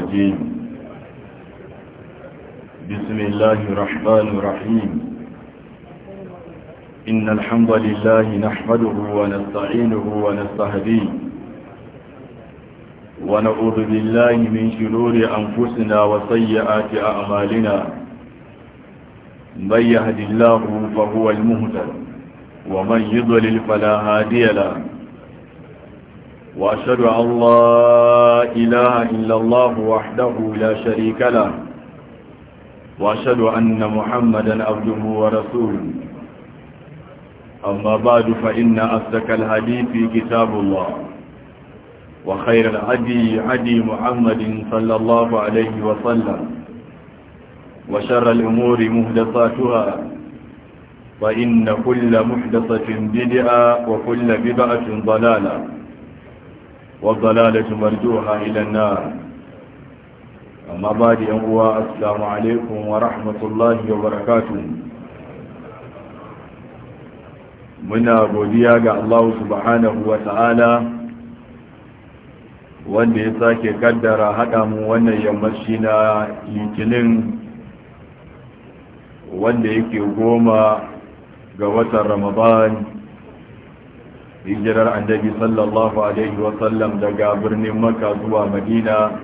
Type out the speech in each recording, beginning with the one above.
الرجيم بسم الله الرحمن الرحيم إن الحمد لله نحمده ونستعينه ونستهديه ونعوذ بالله من شرور أنفسنا وسيئات أعمالنا من يهد الله فهو المهتد ومن يضلل فلا هادي له وأشهد أن لا إله إلا الله وحده لا شريك له وأشهد أن محمدا عبده ورسوله أما بعد فإن أصدق الحديث كتاب الله وخير العدي عدي محمد صلى الله عليه وسلم وشر الأمور مهدساتها فإن كل محدثة بدعة وكل بدعة ضلالة والضلالة مرجوها إلى النار أما بعد أنواع السلام عليكم rahmatullahi الله barakatu. muna godiya ga Allah subhanahu wa ta'ala wanda ya sake kaddara haɗa mu wannan yammaci na litinin wanda yake goma ga watan ramadan hijirar annabi sallallahu alaihi wasallam daga birnin maka zuwa madina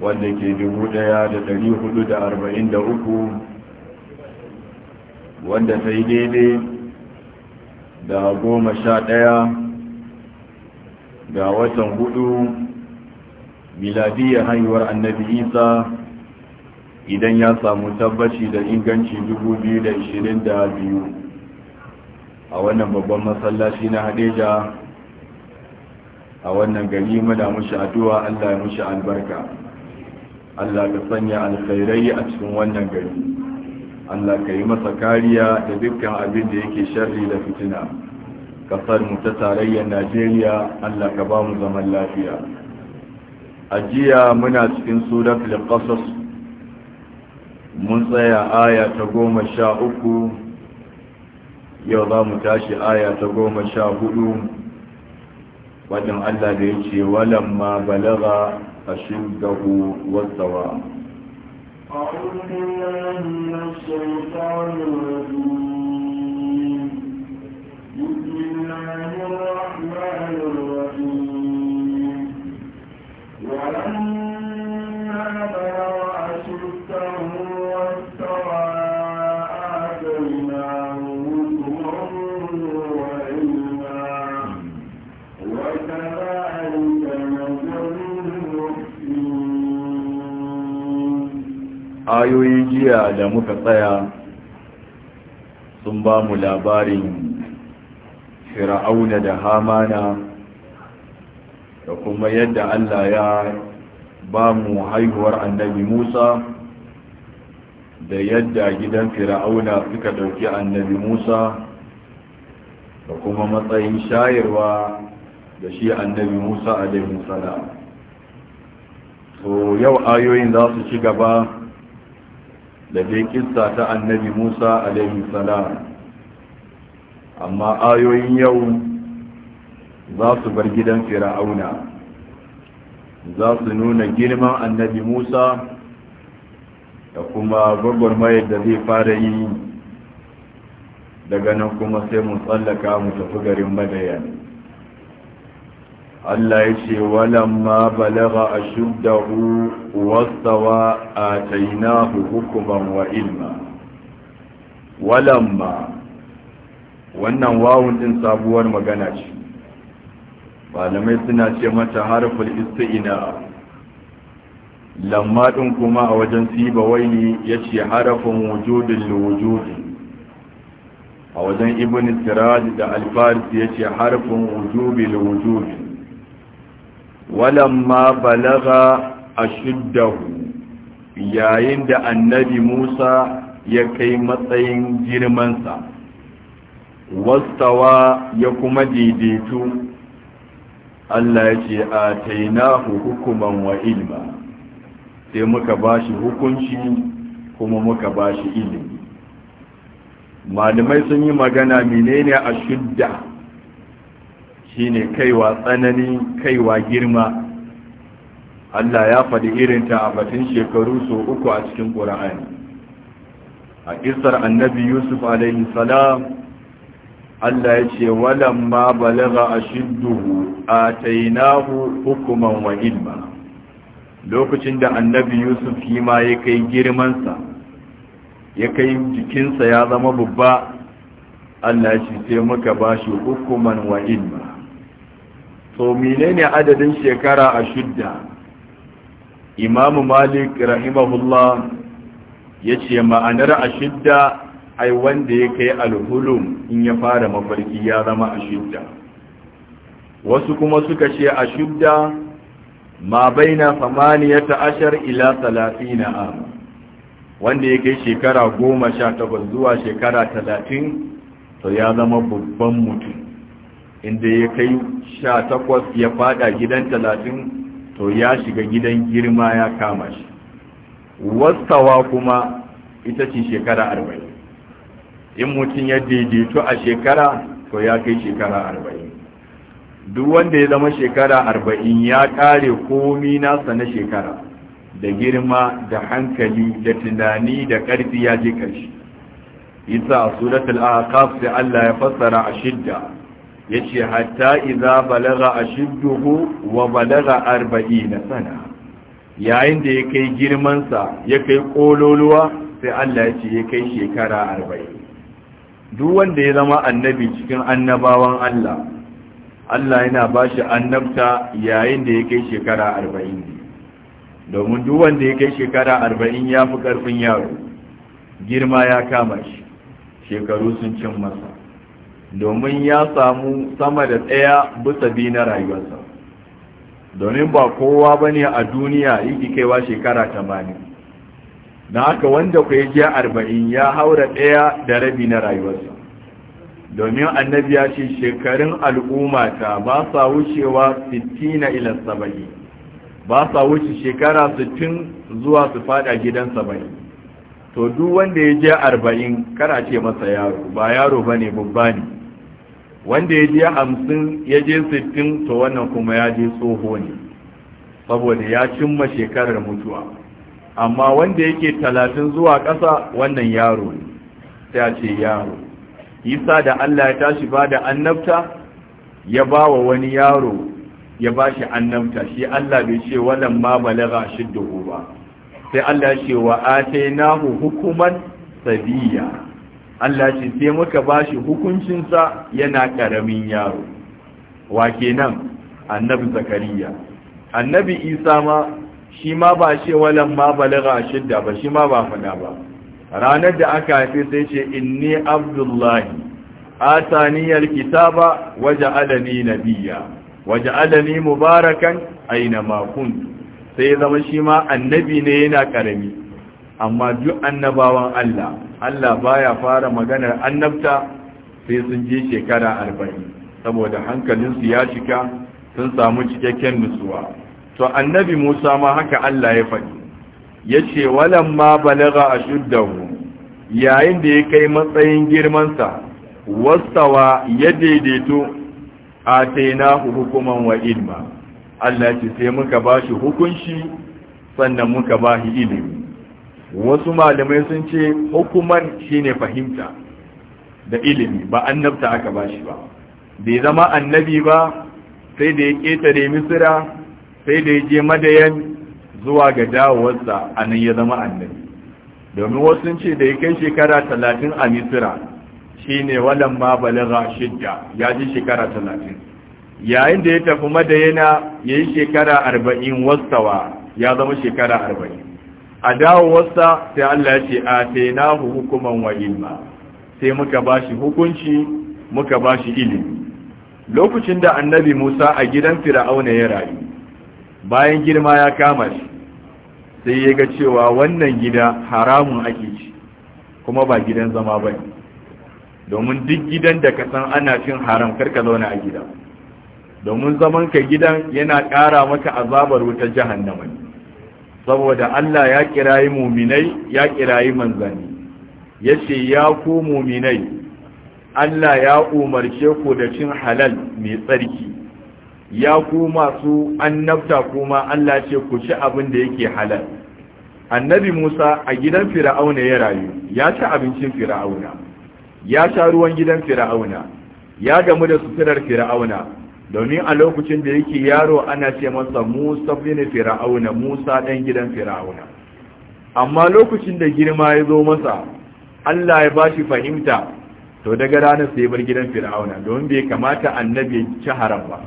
wanda ke uku, wanda ta yi daidai da goma sha ɗaya ga watan hudu miladiyar hanyar annabi isa idan ya samu tabbaci da inganci biyu. a wannan babban masallaci na hadeja a wannan gari muna mushi addu'a Allah ya mushi albarka Allah ka sanya alkhairai a cikin wannan gari Allah ka yi masa kariya da dukkan abin da yake sharri da fitina kasar mu ta tarayyar Najeriya Allah ka ba mu zaman lafiya ajiya muna cikin suratul qasas mun tsaya aya ta goma sha uku yau za mu tashi aya ta goma sha hudu wajen Allah da ya ce ma balaga a shirgahu wasawa بسم الله الرحمن الرحيم ayoyi jiya da muka tsaya sun ba mu labarin fir'auna da hamana da kuma yadda Allah ya ba mu haihuwar annabi Musa da yadda gidan fir'auna suka ɗauki annabi Musa da kuma matsayin shayarwa da shi annabi Musa a alaihi salam so yau ayoyin za su ci gaba da dai kissa ta annabi Musa alaihi salam amma ayoyin yau za su bar gidan fir'auna za su nuna girman annabi Musa da kuma gwagwarmayar da zai fara yi daga nan kuma sai mu tsallaka mu tafi garin madayan Allah ya ce walamma balaga a shuddahu wasawa a tainahu hukuman wa ilma walamma wannan wawun din sabuwar magana ce malamai suna ce mata harful isti'ina lamma din kuma a wajen siba waini ya ce harafin wujudin wujudin a wajen ibn siraj da alfaris ya ce harfin wujubi da walamma balaga ashuddahu yayin da annabi Musa ya kai matsayin girmansa wastawa ya kuma daidaitu Allah ya ce a tainahu hukuman wa ilma sai muka bashi hukunci kuma muka bashi ilimi malamai sun yi magana menene a shudda shine kaiwa tsanani kaiwa girma Allah ya faɗi irinta a batun shekaru so uku a cikin ƙura'ani a ƙisar annabi yusuf alaihi salam Allah ya ce walan ma balaga a shidduhu a tainahu hukuman wa ilma lokacin da annabi yusuf yi ma ya kai girmansa ya kai jikinsa ya zama babba Allah ya ce sai muka ba shi hukuman wa ilma to menene adadin shekara a shudda imamu malik rahimahullah ya ce ma'anar a shudda ai wanda ya kai alhulum in ya fara mafarki ya zama a shidda wasu kuma suka ce a shidda ma baina samaniyata ashar ila talatina a wanda ya kai shekara goma sha takwas zuwa shekara talatin to ya zama babban mutum inda ya kai sha takwas ya fada gidan talatin to ya shiga gidan girma ya kama shi wastawa kuma ita ce shekara arba'in in mutum ya daidaito a shekara to ya kai shekara arba'in duk wanda ya zama shekara arba'in ya kare komi nasa na shekara da girma da hankali da tunani da ƙarfi ya je ƙarshe isa a suratul ahqaf sai Allah ya fassara a shidda yace hatta idza balagha ashidduhu wa balagha na sana yayin da ya kai girman ya kai kololuwa sai Allah ya ce ya kai shekara 40 duk wanda ya zama annabi cikin annabawan Allah Allah yana ba shi annabta yayin da ya kai shekara 40 domin duk wanda ya kai shekara 40 ya fi karfin yaro girma ya kama shi shekaru sun cin masa domin ya samu sama da tsaya bisa biyu na rayuwarsa domin ba kowa ba ne a duniya yake kaiwa shekara tamanin na haka wanda ku yi arba'in ya haura ɗaya da rabi na rayuwarsa domin annabi ya ce shekarun al'ummata ba sa wucewa 60 na ilan saba'i ba sa wuce shekara 60 zuwa su fada gidan saba'i to duk wanda ya je arba'in kara ce masa yaro ba yaro ba ne babba ne wanda ya je hamsin ya je sittin to wannan kuma ya je tsoho ne saboda ya cimma shekarar mutuwa amma wanda yake talatin zuwa ƙasa wannan yaro ne ta ce yaro isa da allah ya tashi ba da annabta ya ba wa wani yaro ya ba shi annabta shi allah bai ce wannan ma balaga shidda ba sai allah ya ce wa ate nahu hukuman sabiya Allah ce sai muka bashi hukuncinsa yana ƙaramin yaro wa kenan annabi zakariya annabi isa ma shi ma ba ce walan ma balaga shidda ba shi ma ba faɗa ba ranar da aka haife sai ce inni abdullahi ataniyar kitaba waje alani nabiya waje alani mubarakan aina makon sai zama shi ma annabi ne yana ƙarami amma duk annabawan Allah Allah baya fara maganar annabta sai sun je shekara arba'in saboda hankalinsu ya cika sun samu cikakken nutsuwa to annabi Musa ma haka Allah ya faɗi yace walamma balagha ashuddahu yayin da ya kai matsayin girmansa wastawa ya daidaito atainahu hukuman wa ilma Allah ce sai muka bashi hukunci sannan muka bashi ilimi wasu malamai sun ce hukumar shine fahimta da ilimi ba annabta aka bashi ba bai zama annabi ba sai da ya ketare misira sai da ya je madayan zuwa ga dawowarsa a nan ya zama annabi domin wasu sun ce da ya kai shekara talatin a misira shi ne walan ma balaga shidda ya ji shekara talatin yayin da ya tafi madayana ya yi shekara arba'in wastawa ya zama shekara arba'in a dawowarsa sai Allah ya ce A tena hukuman wa ilma sai muka ba shi hukunci muka ba shi ilimi lokacin da annabi Musa a gidan Fir'auna ya rayu bayan girma ya kama shi sai ya ga cewa wannan gida haramun ake ci kuma ba gidan zama ba ne domin duk gidan da ka san ana cin haram kar ka zauna a gida domin zaman ka gidan yana ƙara maka azabar wutar jahannama ne saboda Allah ya kirayi muminai ya kirayi manzanni yace ya ku muminai Allah ya umarce ku da cin halal mai tsarki ya ku masu annabta kuma Allah ce ku ci abin da yake halal annabi Musa a gidan Fir'auna ya rayu ya ci abincin Fir'auna ya sha ruwan gidan Fir'auna ya gamu da suturar Fir'auna domin a lokacin da yake yaro ana ce masa musa bin fir'auna musa dan gidan fir'auna amma lokacin da girma ya zo masa allah ya bashi fahimta to daga ranar sai bar gidan fir'auna domin bai kamata annabi ya ci haram ba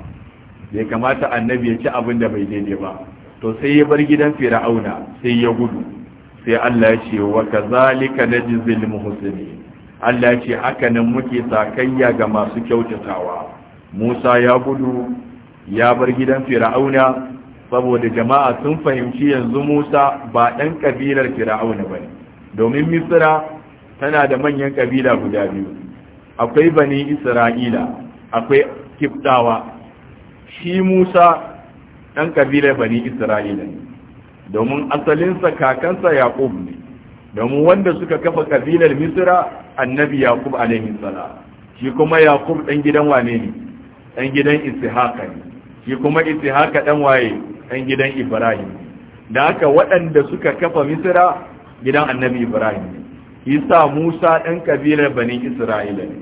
bai kamata annabi ya ci abin da bai daidai ba to sai ya bar gidan fir'auna sai ya gudu sai allah ya ce wa kazalika najzil muhsinin allah ya ce haka nan muke sakayya ga masu kyautatawa Musa ya gudu ya bar gidan Fir'auna saboda jama'a sun fahimci yanzu Musa ba ɗan ƙabilar Fir'auna ba ne domin Misra tana da manyan ƙabila guda biyu akwai bani Isra'ila akwai Kiftawa shi Musa ɗan ƙabilar bani Isra'ila ne domin asalinsa kakansa Yaƙub ne domin wanda suka kafa ƙabilar Misra annabi Yaƙub alaihi salam shi kuma Yaƙub ɗan gidan wane ne ɗan gidan isihaka ne shi kuma isihaka ɗan waye ɗan gidan ibrahim da haka waɗanda suka kafa misira gidan annabi ibrahim ne isa musa ɗan kabilar banin isra'ila ne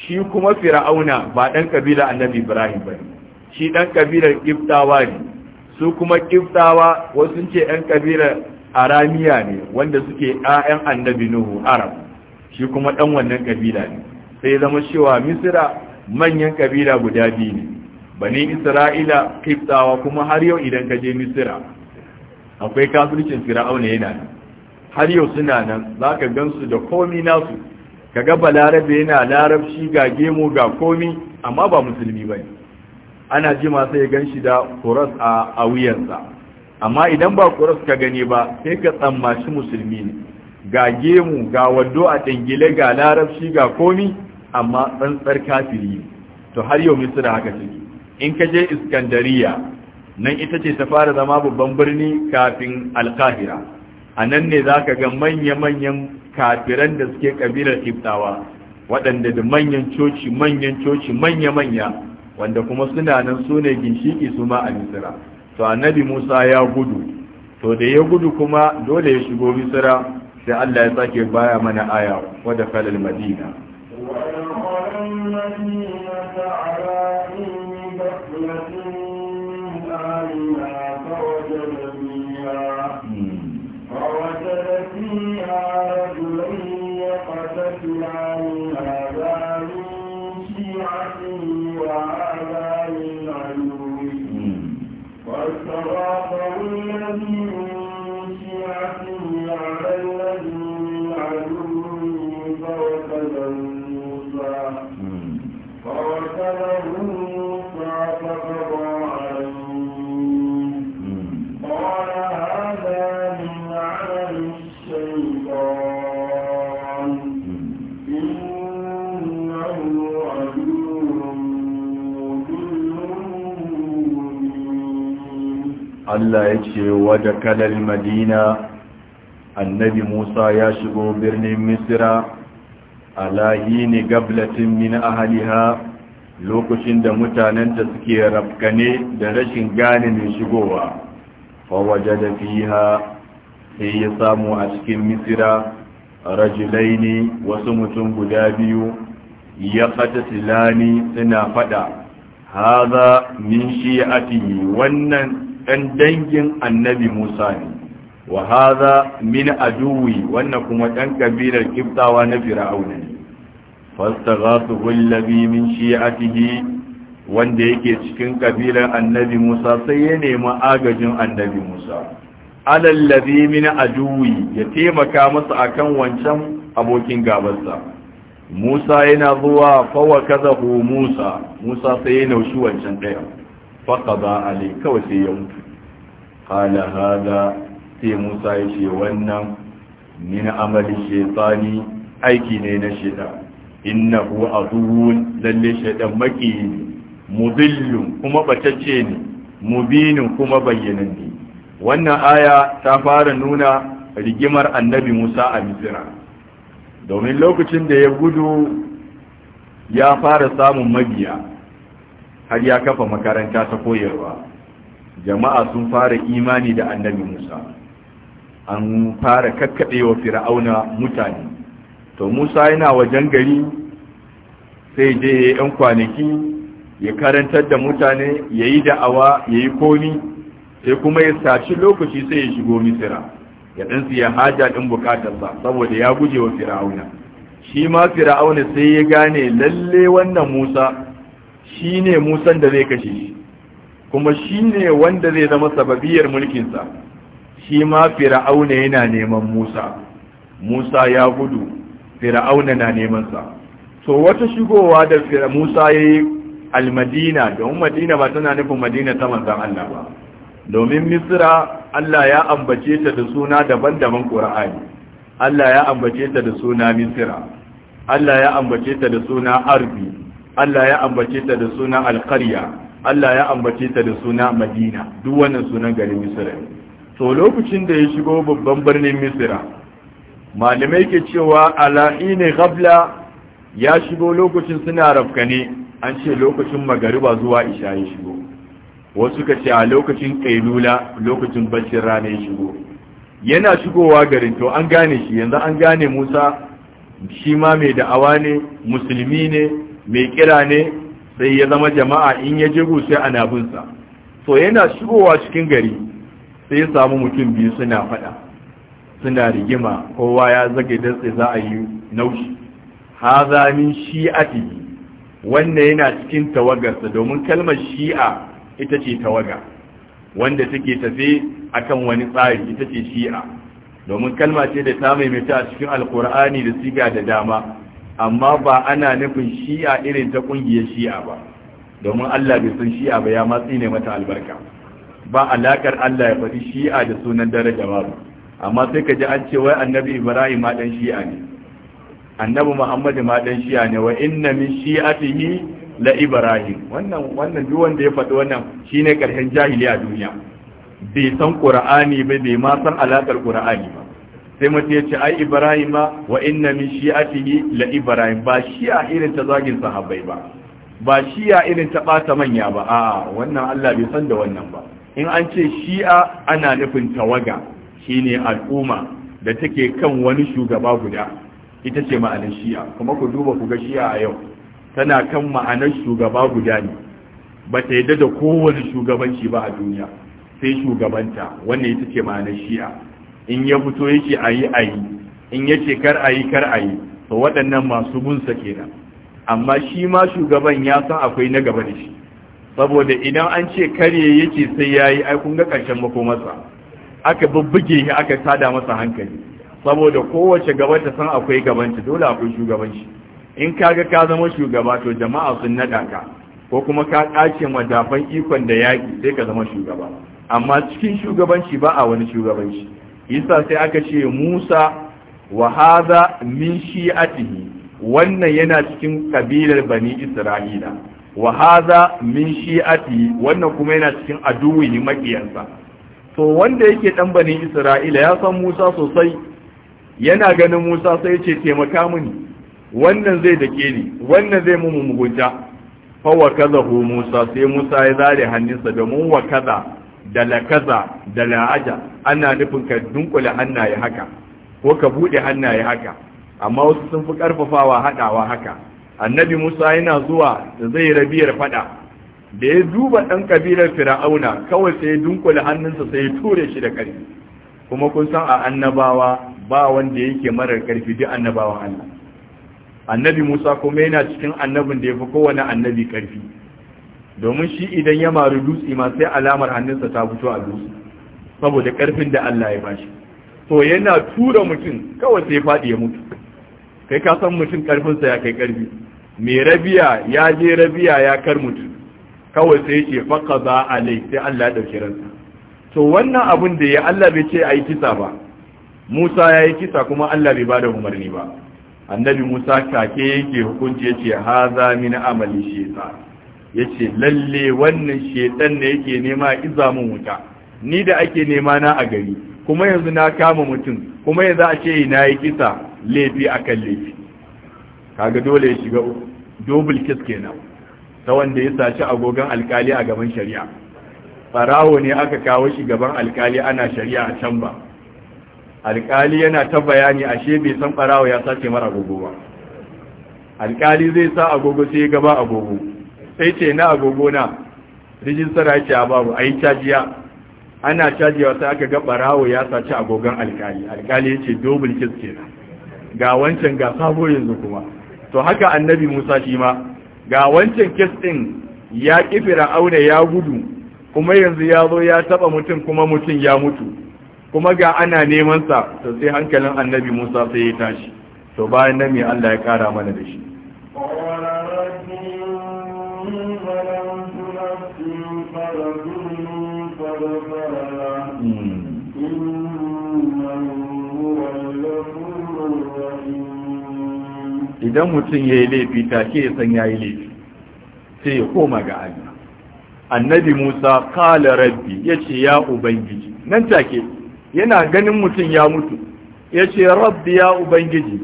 shi kuma fir'auna ba ɗan kabilar annabi ibrahim ba shi ɗan kabilar ƙiftawa ne su kuma ƙiftawa wasu ce ɗan kabilar aramiya ne wanda suke ɗayan annabi nuhu arab shi kuma ɗan wannan kabila ne sai zama cewa misira manyan kabila guda biyu ne bani isra'ila kiftawa kuma har yau idan ka je misira akwai kafircin fir'auna yana nan har yau suna nan za ka gansu da komi nasu ka ga balarabe yana larabci ga gemu ga komi amma ba musulmi ba ana jima sai gan shi da kuras a wuyansa amma idan ba kuras ka gani ba sai ka tsammaci musulmi ne ga gemu ga wando a dangile ga larabci ga komi amma tsantsar kafiri to har yau misira haka ciki in ka je iskandariya nan ita ce ta fara zama babban birni kafin alkahira a nan ne za ka ga manya-manyan kafiran da suke kabilar ibtawa waɗanda da manyan coci manyan coci manya-manya wanda kuma suna nan su ne ginshiki su ma a misira to annabi musa ya gudu to da ya gudu kuma dole ya shigo misira sai allah ya sake baya mana aya wadda falal madina وألقى المدينة على حين بخلة من أهلها فوجد فيها فوجد فيها Allah ya ce wada kalar madina annabi Musa ya shigo birnin Misira ala yini gablatin min ahliha lokacin da mutanenta suke rafkane da rashin gane mai shigowa fawaje da fiha sai ya samu a cikin misira ne wasu mutum guda biyu ya fata silani suna fada haza min shi'atihi wannan ɗan dangin annabi musa ne wa haza min aduwi wannan kuma ɗan kabilar kiftawa na fir'auna ne fastaghathu shi a shi'atihi wanda yake cikin kabilar annabi Musa sai ya nemi agajin annabi Musa alalladhi min aduwi ya taimaka masa akan wancan abokin gabarsa Musa yana zuwa fawa kazahu Musa Musa sai ya naushi wancan daya faqada alai kawai sai ya mutu qala hada sai Musa ya ce wannan min amali shaytani aiki ne na shaytan innahu aduwwun lalle shaytan maki mudillun kuma batacce ne mubinin kuma bayyanan ne wannan aya ta fara nuna rigimar annabi Musa a Misira domin lokacin da ya gudu ya fara samun mabiya har ya kafa makaranta ta koyarwa jama'a sun fara imani da annabi Musa an fara wa fir'auna mutane to musa yana wajen gari sai je ɗan kwanaki ya karantar da mutane ya yi da'awa ya yi komi sai kuma ya saci lokaci sai ya shigo misira ya ɗan siya haja ɗin bukatarsa saboda ya guje wa fir'auna shi ma fir'auna sai ya gane lalle wannan musa shi ne musan da zai kashe shi kuma shi ne wanda zai zama sababiyar mulkinsa shi ma fir'auna yana neman musa musa ya gudu fir'auna na neman sa To wata shigowa da Musa yayi al-Madina don Madina ba tana nufin Madina ta manzon Allah ba domin Misra Allah ya ambace ta da suna daban-daban Qur'ani Allah ya ambace ta da suna Misra Allah ya ambace ta da suna Arbi Allah ya ambace ta da suna Al-Qarya Allah ya ambace ta da suna Madina duk wannan sunan garin Misra To lokacin da ya shigo babban birnin Misra malamai ke cewa ne, gabla ya shigo lokacin suna rafkane an ce lokacin magariba zuwa isha ya shigo wasu ka ce a lokacin kailula lokacin baccin rana ya shigo yana shigowa garin to an gane shi yanzu an gane musa shi ma mai da'awa ne musulmi ne mai kira ne sai ya zama jama'a in ya jigo sai ana binsa to yana shigowa cikin gari sai ya samu mutum biyu suna faɗa suna rigima kowa ya zage dantse za a yi naushi haza min shi'ati wannan yana cikin tawagarsa domin kalmar shi'a ita ce tawaga wanda take tafe akan wani tsari ita ce shi'a domin kalma ce da ta maimaita a cikin alkur'ani da siga da dama amma ba ana nufin shi'a irin ta kungiyar shi'a ba domin Allah bai san shi'a ba ya matsi ne mata albarka ba alakar Allah ya faɗi shi'a da sunan daraja ba amma sai ka ji an ce wai annabi ibrahim ma dan shi'a ne annabi muhammad ma dan shi'a ne wa inna min shi'atihi la ibrahim wannan wannan duk wanda ya faɗi wannan shine karshen jahiliya duniya bai san qur'ani ba bai ma san alaƙar qur'ani ba sai mutum ya ce ai ibrahim wa inna min shi'atihi la ibrahim ba shi'a irin ta zagin sahabbai ba ba shi'a irin ta bata manya ba a wannan Allah bai san da wannan ba in an ce shi'a ana nufin tawaga shine al'umma da take kan wani shugaba guda ita ce ma'anar shi'a kuma ku duba ku ga shi'a a yau tana kan ma'anar shugaba guda ne ba ta yadda da kowane shugabanci ba a duniya sai shugabanta wannan ita ce ma'anar shi'a in ya fito yake a yi a yi in ya ce kar a yi kar a yi to waɗannan masu bunsa kenan amma shi ma shugaban ya san akwai na gaba da shi saboda idan an ce kare yake sai ya yi ai kun ga ƙarshen makomarsa aka bubbuge shi aka tada masa hankali saboda kowace gaba ta san akwai gabanci dole akwai shugabanci in kaga ka zama shugaba to jama'a sun nada ka ko kuma ka kace madafan ikon da yaki sai ka zama shugaba amma cikin shugabanci ba a wani shugabanci isa sai aka ce Musa wa hadha min shi'atihi wannan yana cikin kabilar bani Isra'ila wa hadha min shi'ati wannan kuma yana cikin aduwi makiyansa to wanda yake ɗan banin Isra'ila ya san Musa sosai yana ganin Musa sai ce taimaka mini wannan zai dake ni wannan zai mun mugunta fa wa kazahu Musa sai Musa ya zare hannunsa domin wa kaza da la kaza da la aja ana nufin ka dunkule hannaye haka ko ka bude hannaye haka amma wasu sun fi karfafawa haɗawa haka annabi Musa yana zuwa da zai rabiyar faɗa. da ya duba ɗan ƙabilar fir'auna kawai sai ya dunkule hannunsa sai ya ture shi da ƙarfi kuma kun san a annabawa ba wanda yake marar ƙarfi duk annabawan Allah annabi Musa kuma yana cikin annabin da yafi kowane annabi ƙarfi domin shi idan ya maru dutse ma sai alamar hannunsa ta fito a dutse saboda ƙarfin da Allah ya bashi to yana tura mutum kawai sai ya faɗi ya mutu kai ka san mutum ƙarfinsa ya kai ƙarfi mai rabiya ya je rabiya ya kar mutum kawai sai ce faka za a lai sai Allah ya ɗauki ransa to wannan abin da ya Allah bai ce a yi kisa ba Musa ya yi kisa kuma Allah bai bada umarni ba annabi Musa kake yake hukunci ya ce ha za min amali sheta ya ce lalle wannan shetan ne yake nema iza mun wuta ni da ake nema na a gari kuma yanzu na kama mutum kuma yanzu a ce na yi kisa laifi akan laifi kaga dole ya shiga double kiss ta wanda ya saci agogon alkali a gaban shari'a farawo ne aka kawo shi gaban alkali ana shari'a a can ba alkali yana ta bayani ashe bai san farawo ya sace mara agogo ba alkali zai sa agogo sai gaba agogo sai ce na agogo na rijistar ake a babu a yi cajiya ana cajiya sai aka ga barawo ya saci agogon alkali alkali ya ce "Dobin kiss ga wancan ga sabo yanzu kuma to haka annabi musa shi ma ga wancan kes ɗin ya ƙi fir'auna ya gudu kuma yanzu ya zo ya taɓa mutum kuma mutum ya mutu kuma ga ana neman sa to sai hankalin annabi musa sai ya tashi to bayan nan me allah ya ƙara mana da shi idan mutum ya yi laifi ta ya san ya yi laifi sai ya koma ga Allah annabi Musa kala rabbi ya ce ya ubangiji nan take yana ganin mutum ya mutu ya ce rabbi ya ubangiji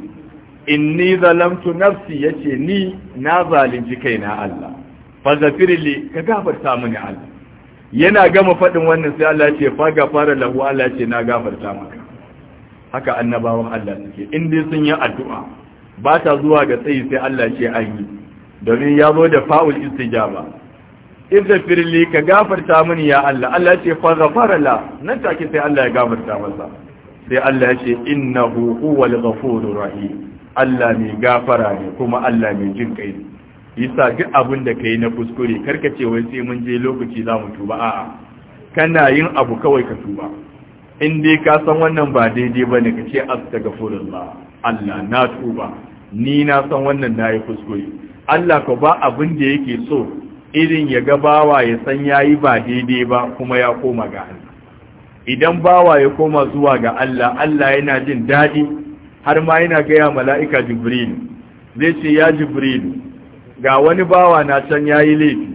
inni zalamtu nafsi ya ce ni na zalunci kaina Allah fazafirili ka gafarta mini Allah yana gama faɗin wannan sai Allah ce fa fara lahu Allah ce na gafarta maka haka annabawan Allah suke in dai sun yi addu'a ba ta zuwa ga tsayi sai Allah ce an yi domin ya zo da fa'ul istijaba izafir firli ka gafarta mini ya Allah Allah ce fara-fara la nan take sai Allah ya gafarta masa sai Allah ya ce innahu huwal gafuru rahi Allah mai gafara ne kuma Allah mai jin kai yasa duk abin da ka yi na kuskure karka ce wai sai mun je lokaci za mu tuba a'a kana yin abu kawai ka tuba in dai ka san wannan ba daidai ba ne, ka ce astaghfirullah Allah na tuba ni na san wannan na yi kuskure Allah ka ba abin da yake so irin ya ga bawa ya san yayi ba daidai ba kuma ya koma ga Allah idan bawa ya koma zuwa ga Allah Allah yana jin daɗi har ma yana gaya mala'ika Jibril, zai ce ya Jibril. ga wani bawa na can yayi laifi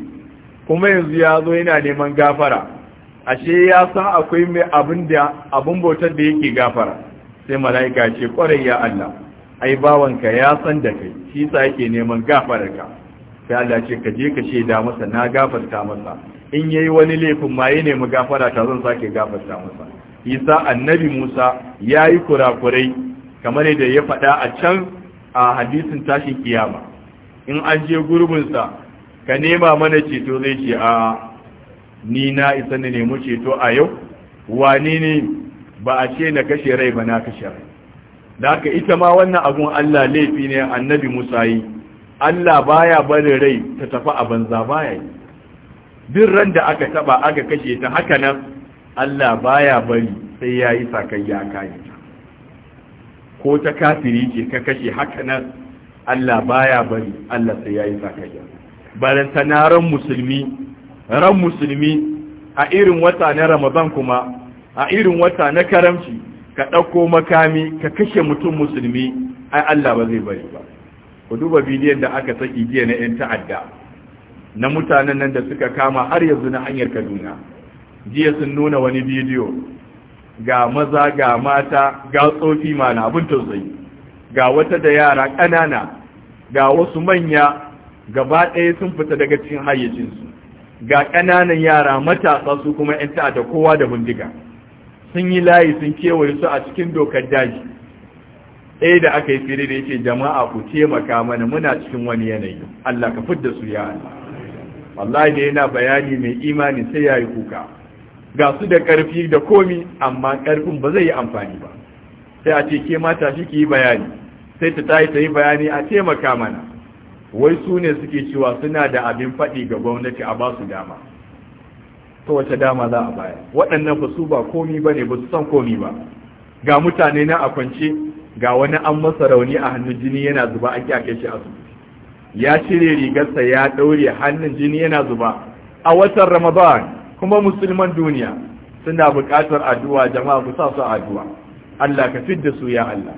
kuma yanzu ya zo yana neman gafara ashe ya san akwai mai abin da abin bautar da yake gafara sai mala'ika ce ƙwarai ya Allah ai bawanka ya san da kai shi sa yake neman gafararka sai Allah ce ka je ka shaida masa na gafarta masa in yayi wani laifin ma ne mu gafara ta zan sake gafarta masa isa annabi Musa yayi kurakurai kamar yadda ya faɗa a can a hadisin tashin kiyama in an je gurbin sa ka nema mana ceto zai ce a ni na isa ne mu ceto a yau wane ne ba a ce na kashe rai ba na kashe rai da aka ita ma wannan abun Allah laifi ne annabi Musa yi Allah baya barin rai ta tafi a banza baya yi duk ran da aka taba aka kashe ta haka nan Allah baya bari sai ya yi yayi sakayya kai ko ta kafiri ce ka kashe haka nan Allah baya bari Allah sai ya yi yayi sakayya balan ran musulmi ran musulmi a irin wata na Ramadan kuma a irin wata na karamci ka ɗauko makami ka kashe mutum musulmi ai Allah ba zai bari ba ku duba bidiyon da aka saki jiya na 'yan ta'adda na mutanen nan da suka kama har yanzu na hanyar kaduna jiya sun nuna wani bidiyo ga maza ga mata ga tsofi na abin tausayi ga wata da yara ƙanana ga wasu manya gaba ɗaya sun fita daga cikin hayyacinsu ga ƙananan yara matasa su kuma 'yan ta'adda kowa da bindiga sun yi layi sun kewaye su a cikin dokar daji ɗaya da aka yi fili da yake jama'a ku taimaka mana muna cikin wani yanayi Allah ka fidda su ya wallahi da yana bayani mai imani sai yayi kuka ga su da ƙarfi da komi amma ƙarfin ba zai yi amfani ba sai a ce ke mata shi ki yi bayani sai ta tayi ta yi bayani a taimaka mana wai su ne suke cewa suna da abin faɗi ga gwamnati a ba su dama ta wata dama za a baya waɗannan ba su ba komi ba ne ba su san komi ba ga mutane na a kwance ga wani an masa rauni a hannun jini yana zuba an kyake shi asibiti ya cire rigarsa ya ɗaure hannun jini yana zuba a watan ramadan kuma musulman duniya suna buƙatar addu'a jama'a ku sa su addu'a Allah ka fidda su ya Allah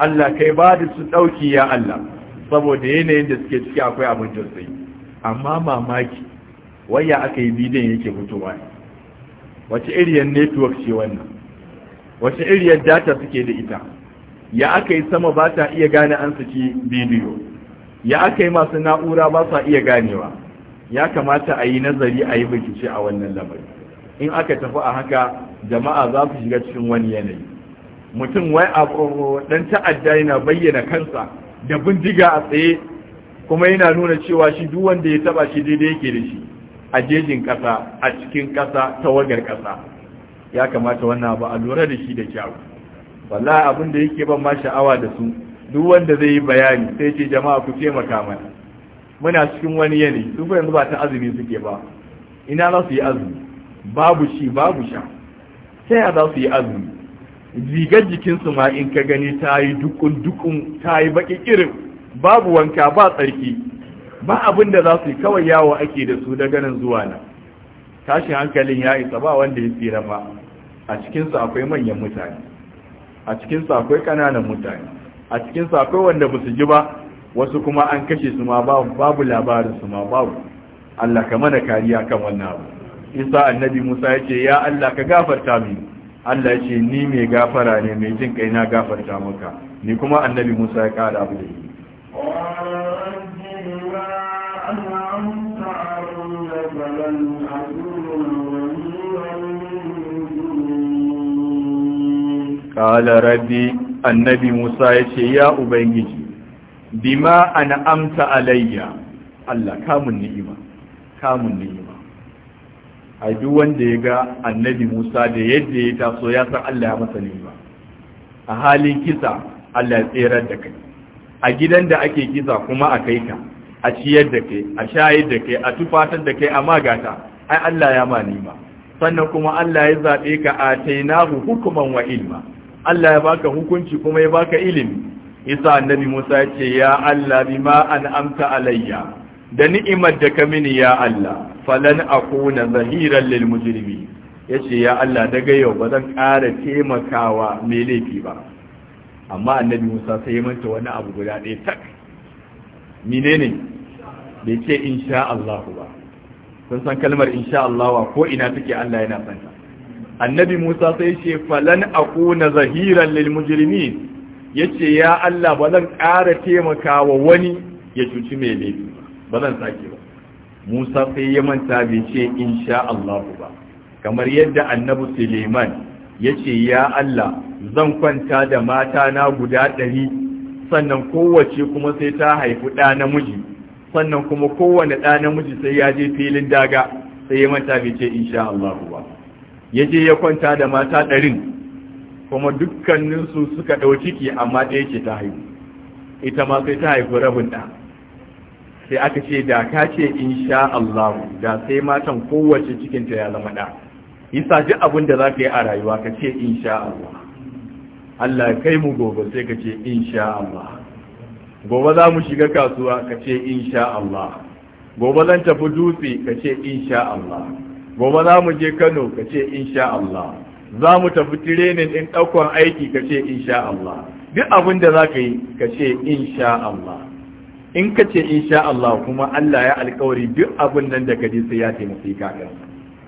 Allah kai ba da su ɗauki ya Allah saboda yanayin da suke ciki akwai abin tausayi amma mamaki waya aka yi bidiyon yake fitowa ne wace iriyar network ce wannan wace iriyar data suke da ita ya aka yi sama ba ta iya gane an saki bidiyo ya aka yi masu na'ura ba sa iya ganewa ya kamata a yi nazari a yi bincike a wannan lamari in aka tafi a haka jama'a za su shiga cikin wani yanayi mutum wai a dan ta'adda yana bayyana kansa da bindiga a tsaye kuma yana nuna cewa shi duk wanda ya taba shi daidai yake da shi a jejin ƙasa a cikin ƙasa ta tawagar ƙasa ya kamata wannan ba, a lura da shi da kyau walla abin da yake ban ma sha'awa da su duk wanda zai yi bayani sai ce jama'a ku taimaka mana muna cikin wani yanayi ba yanzu ba ta azumi suke ba ina za su yi azumi babu shi babu sha sai a za su yi azumi rigar jikinsu ma in ka gani ta yi dukun dukun ta yi baƙi irin babu wanka ba tsarki ba abin da za su yi kawai yawo ake da su daga nan zuwa nan tashin hankalin ya isa ba wanda ya tsira ba a cikinsu akwai manyan mutane a cikinsu akwai ƙananan mutane a cikinsu akwai wanda ba su ji ba wasu kuma an kashe su ma babu labarin su ma babu Allah ka mana kariya kan wannan abu isa annabi musa ya ce ya Allah ka gafarta mini Allah ya ce ni mai gafara ne mai jin kai na gafarta maka ni kuma annabi musa ya kara abu da yi Kala rabbi annabi musa ya ce ya ubangiji bima ana amta alayya Allah kamun ni'ima kamun ni'ima a duk wanda ya ga annabi Musa da yadda ya taso ya san Allah ya masa ni'ima a halin kisa Allah ya tserar da kai a gidan da ake kisa kuma a kai ka a ciyar da kai a shayar da kai a tufatar da kai a magata ai Allah ya ma ni'ima sannan kuma Allah ya zaɓe ka atainahu hukuman wa ilma Allah ya baka hukunci kuma ya baka ilimi isa annabi Musa ya ce ya Allah bima an'amta alayya da ni'imar da ka mini ya Allah falan akuna zahiran lil mujrimi yace ya Allah daga yau ba zan ƙara taimakawa mai laifi ba amma annabi Musa sai ya manta wani abu guda ɗaya tak menene bai ce insha Allah ba kun san kalmar insha Allah ko ina take Allah yana santa annabi Musa sai ce falan akuna zahiran lil mujrimin yace ya Allah ba zan ƙara taimakawa wani ya cuci mai laifi ba zan sake ba Musa sai ya manta bai ce insha Allah ba kamar yadda annabi Suleiman yace ya Allah zan kwanta da mata na guda ɗari sannan kowace kuma sai ta haifi ɗa namiji sannan kuma kowane ɗa namiji sai ya je filin daga sai ya manta bai ce insha Allah ba ya je ya kwanta da mata ɗarin kuma dukkaninsu suka ɗau ciki amma ɗaya ce ta haihu ita ma sai ta haifi rabin ɗa sai aka ce da ka ce sha Allah da sai matan kowace cikinta ya zama ɗa isa ji abin da za ka yi a rayuwa ka ce sha Allah Allah kai mu gobe sai ka ce sha Allah gobe za mu shiga kasuwa ka ce sha Allah gobe zan tafi dutse ka ce sha Allah gobe za mu je Kano ka ce insha Allah za mu tafi tirenin ɗin ɗaukar aiki ka ce insha Allah duk abin da za ka yi ka ce insha Allah in ka ce insha Allah kuma Allah ya alkawari duk abin nan da ka ji sai ya taimaki ka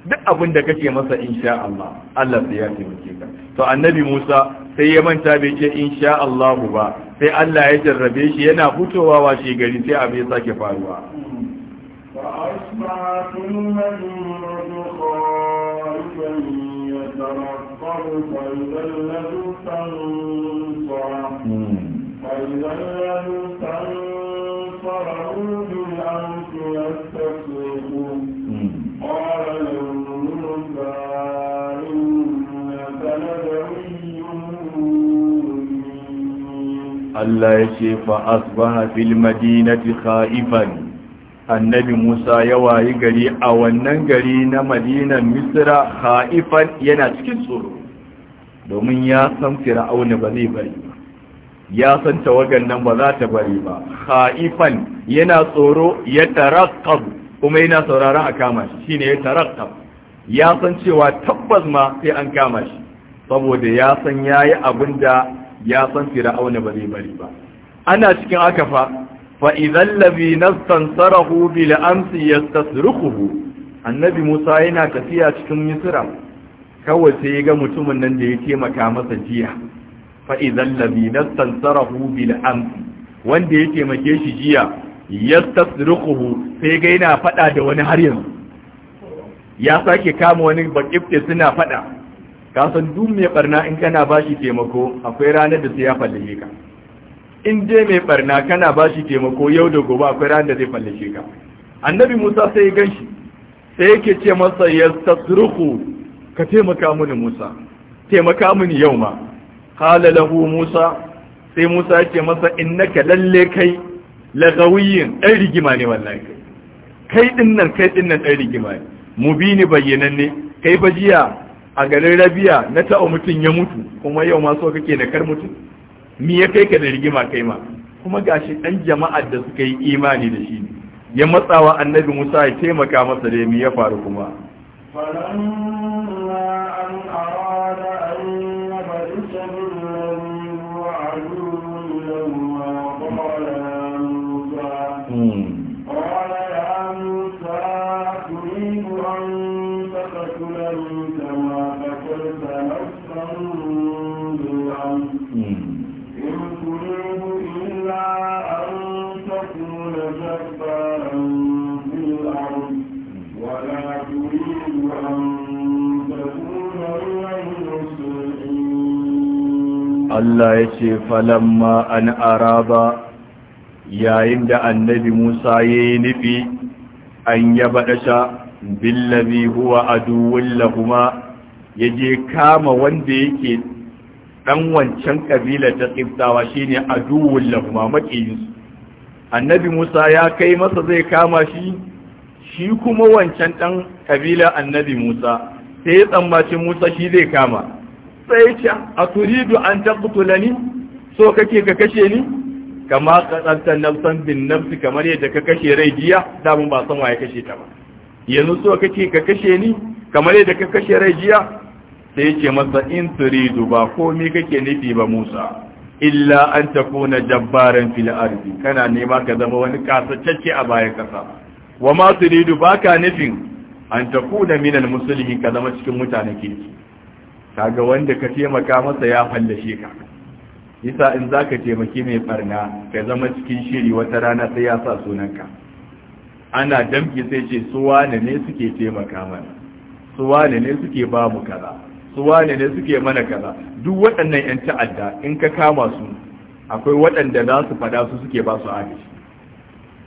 duk abin da kake masa insha Allah Allah sai ya taimaki ka to annabi Musa sai ya manta bai ce insha Allah ba sai Allah ya jarrabe shi yana fitowa washe gari sai abin ya sake faruwa يتنفر فإذا الذي تنصر فإذا الذي تنصره بالأمس يستصرخ قال له إنك لدعي الله يشفى أصبح في المدينة خائفاً annabi Musa ya wayi gari a wannan gari na madinan misra haifan yana cikin tsoro domin ya san fir'auna ba zai bari ba ya san tawagan nan ba za ta bari ba haifan yana tsoro ya tarakkab kuma yana sauraron a kama shi shine ya tarakkab ya san cewa tabbas ma sai an kama shi saboda ya san yayi abinda ya san fir'auna ba zai bari ba ana cikin aka fa فإذا الذي نستنصره بالأمس يستصرخه annabi Musa yana tafiya cikin Misra kawai sai ya ga mutumin nan da ya taimaka masa jiya fa idan ladhi nastansarahu bil wanda ya taimake shi jiya yastasriquhu sai ga yana fada da wani har yanzu ya sake kama wani bakifte suna fada kasan san duk mai barna in kana bashi taimako akwai ranar da sai ya falle ka in dai mai barna kana ba shi taimako yau da gobe akwai ran da zai fallace ka annabi musa sai ya ganshi sai yake ce masa ya tasruhu ka taimaka mini musa taimaka mini yau ma qala lahu musa sai musa ya ce masa innaka lalle kai lagawiyin ɗan rigima ne wallahi kai ɗin nan kai ɗin nan ɗan rigima ne mubini bayyananne kai bajiya a garin rabiya na ta'o mutum ya mutu kuma yau ma so kake da kar mutum me ya kai ka da rigima kai ma kuma gashi dan jama'ar da suka yi imani da shi ya matsawa annabi Musa ya taimaka masa da me ya faru kuma Allah ya ce falamma an araba yayin da annabi Musa ya yi nufi an ya baɗasha billabi huwa aduwun lahuma ya je kama wanda yake ɗan wancan ƙabila ta tsibtawa shi ne aduwun lahuma maƙiyinsu annabi Musa ya kai masa zai kama shi shi kuma wancan ɗan ƙabila annabi Musa sai ya tsammaci Musa shi zai kama sai ce a turidu an takutulani so kake ka kashe ni kama qatalta nafsan bin nafsi kamar yadda ka kashe rai jiya damun ba san waye kashe ta ba yanzu so kake ka kashe ni kamar yadda ka kashe rai jiya sai ya ce masa in turidu ba komai kake nufi ba Musa illa an takuna jabbaran fil ardi kana nema ka zama wani kasacce a bayan kasa wa ma turidu baka nufin an takuna minal muslimin ka zama cikin mutanen kirki kaga wanda ka taimaka masa ya fallashe ka yasa in zaka taimaki mai barna ka zama cikin shiri wata rana sai ya sa sunanka ana damki sai ce su wane ne suke taimaka mana su wane ne suke ba mu kaza su wane ne suke mana kaza duk waɗannan yan ta'adda in ka kama su akwai waɗanda za su fada su suke ba su agaji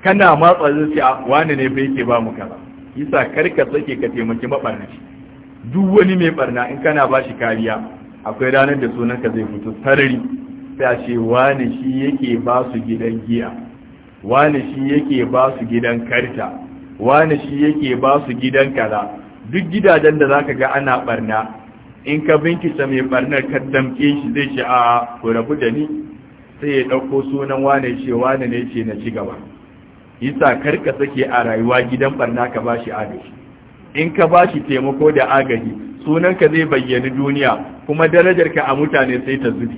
kana matsa zai ce wane ne bai ke ba mu kaza yasa karka sake ka taimaki mabarnaci duk wani mai barna in kana ba shi kariya akwai ranar da sunanka zai fito sarari sai a ce Wani shi yake ba su gidan giya Wani shi yake ba su gidan karta Wani shi yake ba su gidan kaza duk gidajen da zaka ga ana barna in ka binkita mai barnar ka damke shi zai ce a ku rabu da ni sai ya ɗauko sunan wani ce Wani ne ce na ci gaba kar karka sake a rayuwa gidan barna ka ba shi adashi in ka ba shi taimako da agaji sunanka zai bayyana duniya kuma darajarka a mutane sai ta zubi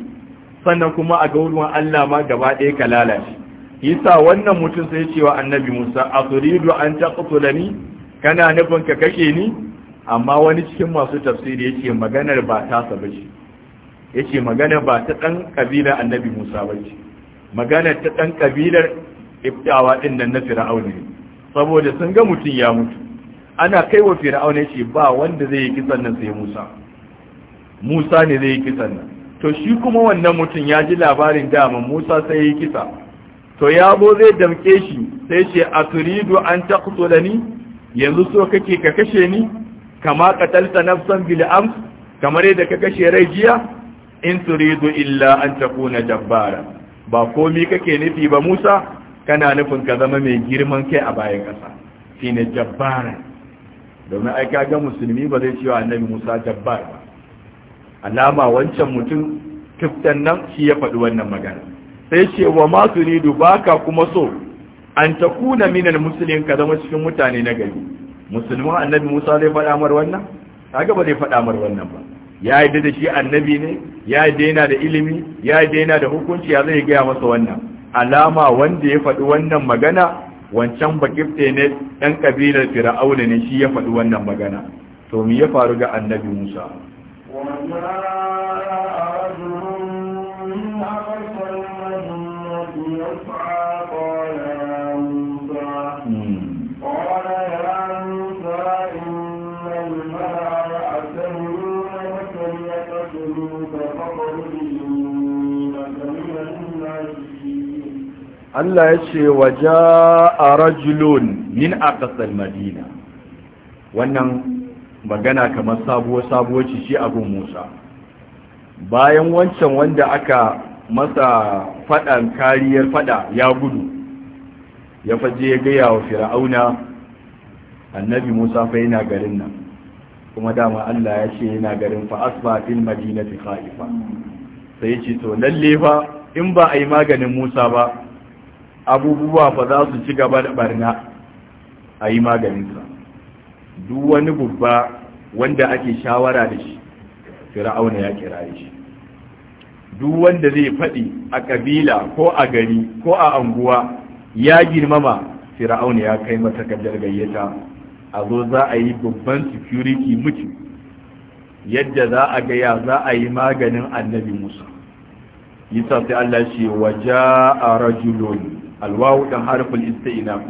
sannan kuma a gaurin Allah ma gaba ɗaya ka lalace yasa wannan mutum sai cewa annabi Musa a turidu an taqtulani kana nufin ka kashe ni amma wani cikin masu tafsiri yake maganar ba ta saba yace maganar ba ta dan kabilar annabi Musa bace maganar ta dan kabilar ibtawa din nan na Fir'auna saboda sun ga mutum ya mutu ana kai wa fir'auna ce ba wanda zai yi kisan nan sai musa musa ne zai yi kisan nan to shi kuma wannan mutum ya ji labarin dama musa sai ya yi kisa to ya bo zai damke shi sai ce a turidu an taqtulani yanzu so kake ka kashe ni kama qatalta nafsan bil am kamar yadda ka kashe rai jiya in turidu illa an takuna jabbara ba komi kake nufi ba musa kana nufin ka zama mai girman kai a bayan kasa? shine jabbaran domin ai ga musulmi ba zai cewa annabi Musa jabbar ba alama wancan mutum kiftan nan shi ya faɗi wannan magana sai ce wa ma turidu baka kuma so an kuna minan musulmi ka zama cikin mutane na gari musulmi annabi Musa zai faɗa mar wannan kaga ba zai faɗa mar wannan ba ya yi da shi annabi ne ya yi daina da ilimi ya yi daina da hukunci ya zai gaya masa wannan alama wanda ya faɗi wannan magana wancan bakifte ne ɗan ƙabilar fir'auna ne shi ya faɗi wannan magana to me ya faru ga annabi musa Allah ya ce wa a rajulun min aqsal madina wannan magana kamar sabuwa sabuwa ce shi abu Musa bayan wancan wanda aka masa fadan kariyar fada ya gudu ya faje ya gaya wa fir'auna annabi Musa fa yana garin nan kuma dama Allah ya ce yana garin fa asfa fil madinati khaifa sai ya ce to lalle fa in ba a yi maganin Musa ba abubuwa fa za su ci gaba da barna a yi maganinsa duk wani babba wanda ake shawara da shi fir'auna ya kira shi duk wanda zai faɗi a kabila ko a gari ko a anguwa ya girmama fir'auna ya kai matakardar gayyata a zo za a yi babban security mutum yadda za a gaya za a yi maganin annabi musa Yasa sai allah ce waja a rajuloni الواو ده حرف الاستئناف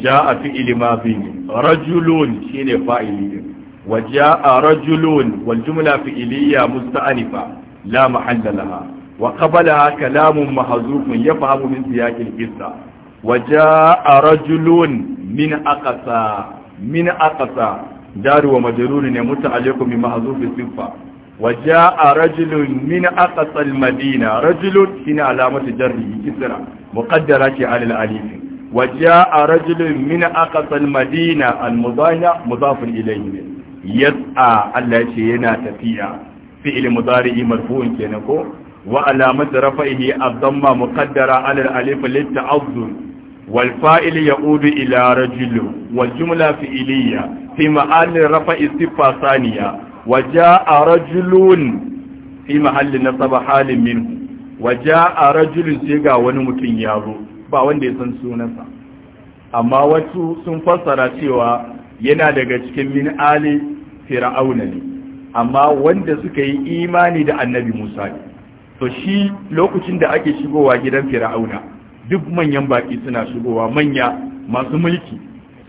جاء في فعل ماضي رجل شنو فاعلين وجاء رجل والجمله فعليه مستانفه لا محل لها وقبلها كلام محذوف يفهم من سياق القصه وجاء رجل من اقصى من اقصى دار ومجرور متعلق بمحذوف الصفه waje a rajulun min a ƙasar madina rajulun shi ne alamata jarri muƙaddara ke alil alifi waje a rajulun min a ƙasar madina al-muzaniya muzafin ilayin ne allah ce yana tafiya fi ilin muzari'i marfuhun ke na ko wa alamata rafa ihe azamma muƙaddara alil alifi litta azun wal fa'il yaudu ila rajulun wal jumla fi iliya fi rafa'i sifa saniya وجاء رجل في محل نصب حال منه وجاء رجل سيغا wani mutum ya zo ba wanda ya san sunansa amma wasu sun fassara cewa yana daga cikin min ali fir'auna ne amma wanda suka yi imani da annabi Musa to shi lokacin da ake shigowa gidan fir'auna duk manyan baki suna shigowa manya masu mulki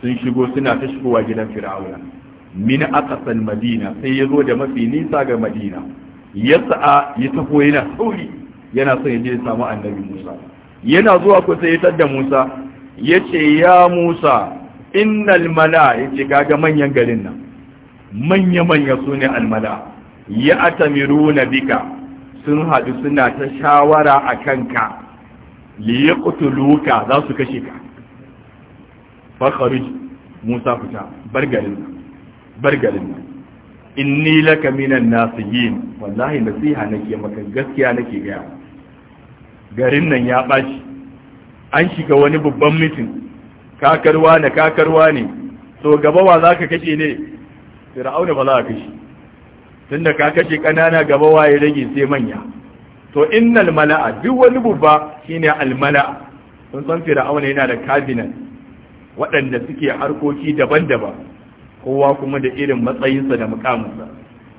sun shigo suna ta shigowa gidan fir'auna min aqsal madina sai ya zo da mafi nisa ga madina ya sa'a ya taho yana sauri yana son ya je ya samu annabi musa yana zuwa kusa sai ya tadda musa ya ce ya musa innal mala ya ce kaga manyan garin nan manya-manya su ne almala ya atamiru na bika sun haɗu suna ta shawara a kanka liye kutuluka za su kashe ka fakari musa fita bar garin nan bar garin nan inni laka minan nasiyin wallahi nasiha nake maka gaskiya nake gaya garin nan ya ɓaci. an shiga wani babban mitin kakarwa ne kakarwa ne so gaba wa zaka kace ne fir'auna ba za ka kashe tunda ka kashe kanana gaba wa ya rage sai manya to innal mala'a duk wani babba shine al mala'a sun san fir'auna yana da cabinet waɗanda suke harkoki daban-daban kowa kuma da irin matsayinsa da mukaminsa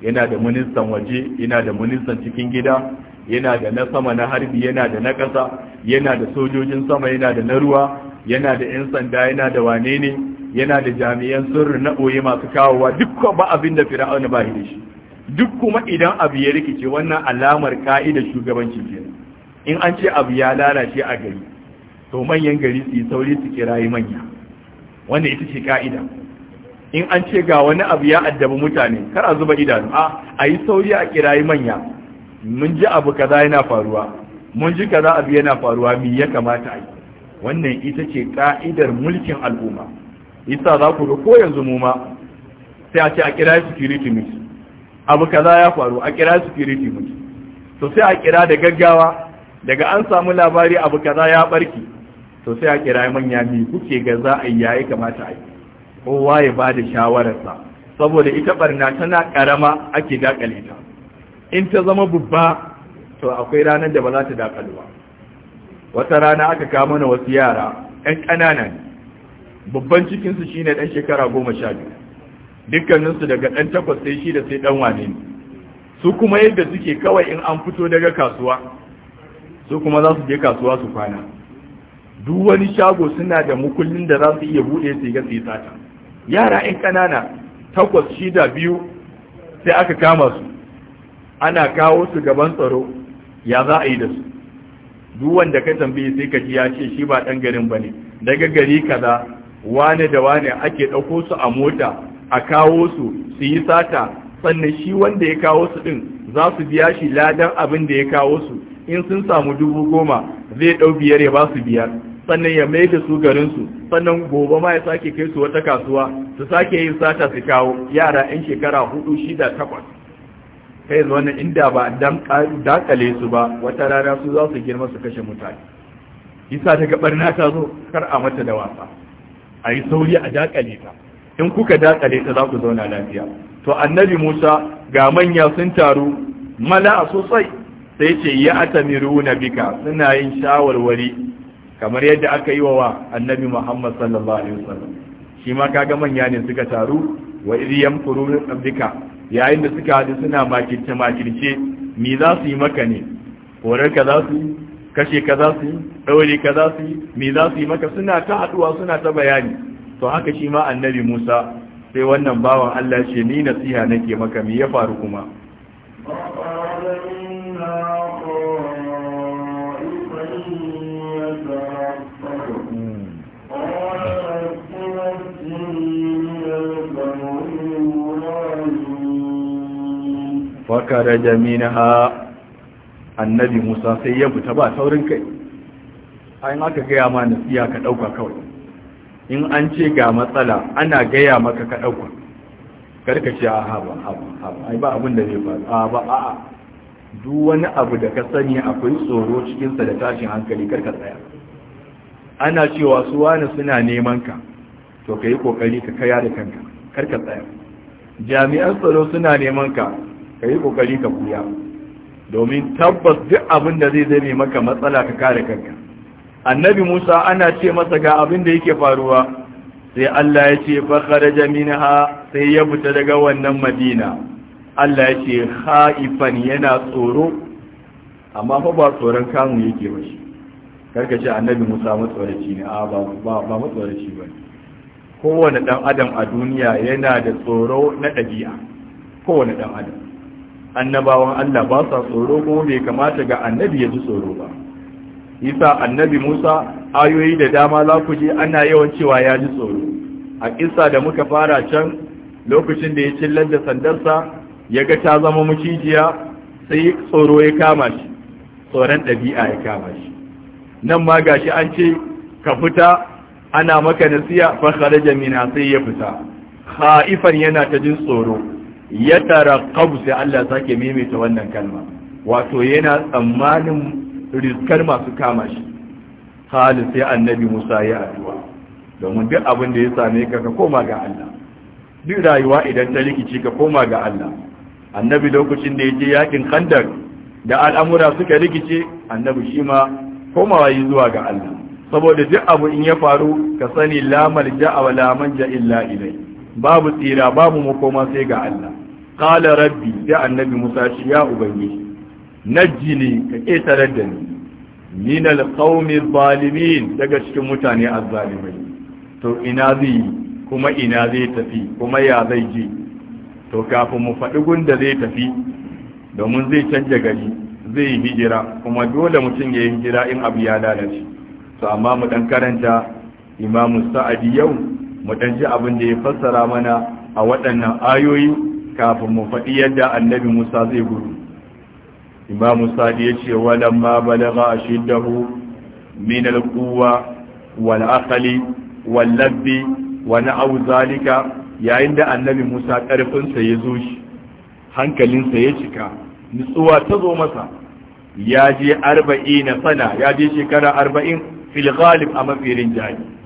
yana da ministan waje yana da ministan cikin gida yana da na sama na harbi yana da na ƙasa yana da sojojin sama yana da na ruwa yana da 'yan sanda yana da wane ne yana da jami'an sirri na ɓoye masu kawowa dukkan ba abin da fir'auna ba da shi duk kuma idan abu ya rikice wannan alamar ka'idar shugabanci ke in an ce abu ya lalace a gari to manyan gari su yi sauri su kira yi manya wannan ita ce ka'ida in an ce ga wani abu ya addabi mutane kar a zuba idanu a a yi sauri a kirayi manya mun ji abu kaza yana faruwa mun ji kaza abu yana faruwa mi ya kamata a yi wannan ita ce ka'idar mulkin al'umma isa za ku ga ko yanzu mu ma sai a ce a kirayi security meet abu kaza ya faru a kirayi security meet to sai a kira da gaggawa daga an samu labari abu kaza ya barki to sai a kirayi manya mi kuke ga za a yi yayi kamata a yi kowa ya ba da shawararsa saboda ita barna tana karama ake dakale ta in ta zama babba to akwai ranar da ba za ta dakalu ba wata rana aka kama na wasu yara ɗan ƙanana ne babban cikinsu shi ne ɗan shekara goma sha biyu dukkaninsu daga ɗan takwas sai shi da sai ɗan wane ne su kuma yadda suke kawai in an fito daga kasuwa su kuma za su je kasuwa su kwana duk wani shago suna da mukullin da za su iya buɗe su ga su sata yara in ƙanana takwas shida biyu sai aka kama su ana kawo su gaban tsaro ya za a yi da su duk wanda ka tambaye sai ka ji ya ce shi ba ɗan garin ba ne daga gari kaza wane da wane ake ɗauko su a mota a kawo su su yi sata sannan shi wanda ya kawo su ɗin za su biya shi ladan abin da ya kawo su in sun samu dubu goma zai ɗau biyar ya ba su biyar sannan ya mai da su garinsu sannan gobe ma ya sake kai su wata kasuwa su sake yin sata su kawo yara 'yan shekara hudu shida takwas kai zuwa nan inda ba dakale su ba wata rana su za su girma su kashe mutane isa daga barna ta zo kar a mata da wasa a yi sauri a dakale ta in kuka dakale ta za ku zauna lafiya to annabi musa ga manya sun taru mala sosai sai ce ya na bika suna yin shawarwari kamar yadda aka yi wa annabi Muhammad sallallahu alaihi wasallam shi ma kaga manya ne suka taru wa idh yamkuru min abdika yayin da suka hadu suna makirce makirce me za su yi maka ne horar ka za su yi, kashe ka za su yi, ɗaure ka za su yi, me za su yi maka suna ta haɗuwa, suna ta bayani to haka shi ma annabi Musa sai wannan bawan Allah ce ni nasiha nake maka me ya faru kuma fakaraja ha annabi Musa sai ya fita ba saurin kai an aka gaya ma nasiya ka ɗauka kawai in an ce ga matsala ana gaya maka ka ɗauka karka ce a haba haba ai ba abin da zai faru a ba a duk wani abu da ka sani akwai tsoro cikinsa da tashin hankali karka tsaya ana cewa su wani suna neman ka to ka yi kokari ka kaya da kanka karka tsaya jami'an tsaro suna neman ka ka yi kokari ka kuya domin tabbas duk abin da zai zame maka matsala ka kare kanka annabi musa ana ce masa ga abin da yake faruwa sai allah ya ce fakhara jaminaha sai ya fita daga wannan madina allah ya ce haifan yana tsoro amma fa ba tsoron kamu yake ba shi karka ce annabi musa matsoraci ne a ba matsoraci ba kowane dan adam a duniya yana da tsoro na ɗabi'a kowane dan adam annabawan Allah ba sa tsoro kuma bai kamata ga annabi ya ji tsoro ba Yasa annabi Musa ayoyi da dama za ku je ana yawan cewa ya ji tsoro a kissa da muka fara can lokacin da ya cillar da sandarsa ya ga ta zama mucijiya sai tsoro ya kama shi tsoron ɗabi'a ya kama shi nan ma gashi an ce ka fita ana maka nasiya fa kharaja minha sai ya fita khaifan yana ta jin tsoro ya kabu sai Allah sake maimaita wannan kalma wato yana tsammanin rizkar masu kama shi halin sai annabi Musa ya addu'a domin duk abin da ya same ka ka koma ga Allah duk rayuwa idan ta rikici ka koma ga Allah annabi lokacin da ya je yakin kandar da al'amura suka rikice annabi shi ma komawa yi zuwa ga Allah saboda duk abu in ya faru ka sani la malja wa manja illa ilai babu tsira babu makoma sai ga Allah qala rabbi ya annabi musa shi ya ubangiji najini ka ƙetarar da ni min alqaumi zalimin daga cikin mutane azzalimai to ina zai kuma ina zai tafi kuma ya zai je to kafin mu faɗi gunda zai tafi domin zai canja gari zai hijira kuma dole mutum ya yi hijira in abu ya lalace to amma mu dan karanta imamu sa'adi yau mu abin da ya fassara mana a waɗannan ayoyi kafin mu faɗi yadda annabi Musa zai gudu Imam ya ce walamma balagha ashiddahu min al-quwwa wal aqli wal labbi wani na'u zalika yayin da annabi Musa ƙarfinsa ya zo shi hankalinsa ya cika nutsuwa ta zo masa ya je na sana ya je shekara arba'in fil galib a mafirin jahili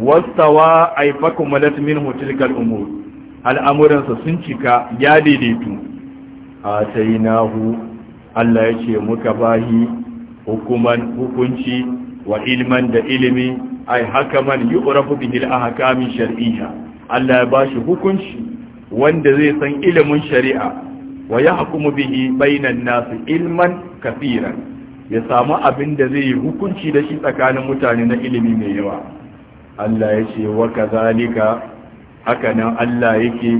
wastawa ay fakmalat minhu tilka umur al'amuransa sun cika ya daidaitu atainahu Allah yace muka bahi hukuman hukunci wa ilman da ilimi ay hakaman yu'rafu bihi al-ahkam shar'iyya Allah ya bashi hukunci wanda zai san ilimin shari'a wa ya yahkumu bihi bainan nas ilman kathiran ya samu abin da zai yi hukunci da shi tsakanin mutane na ilimi mai yawa Allah ya ce wa kazalika haka nan Allah yake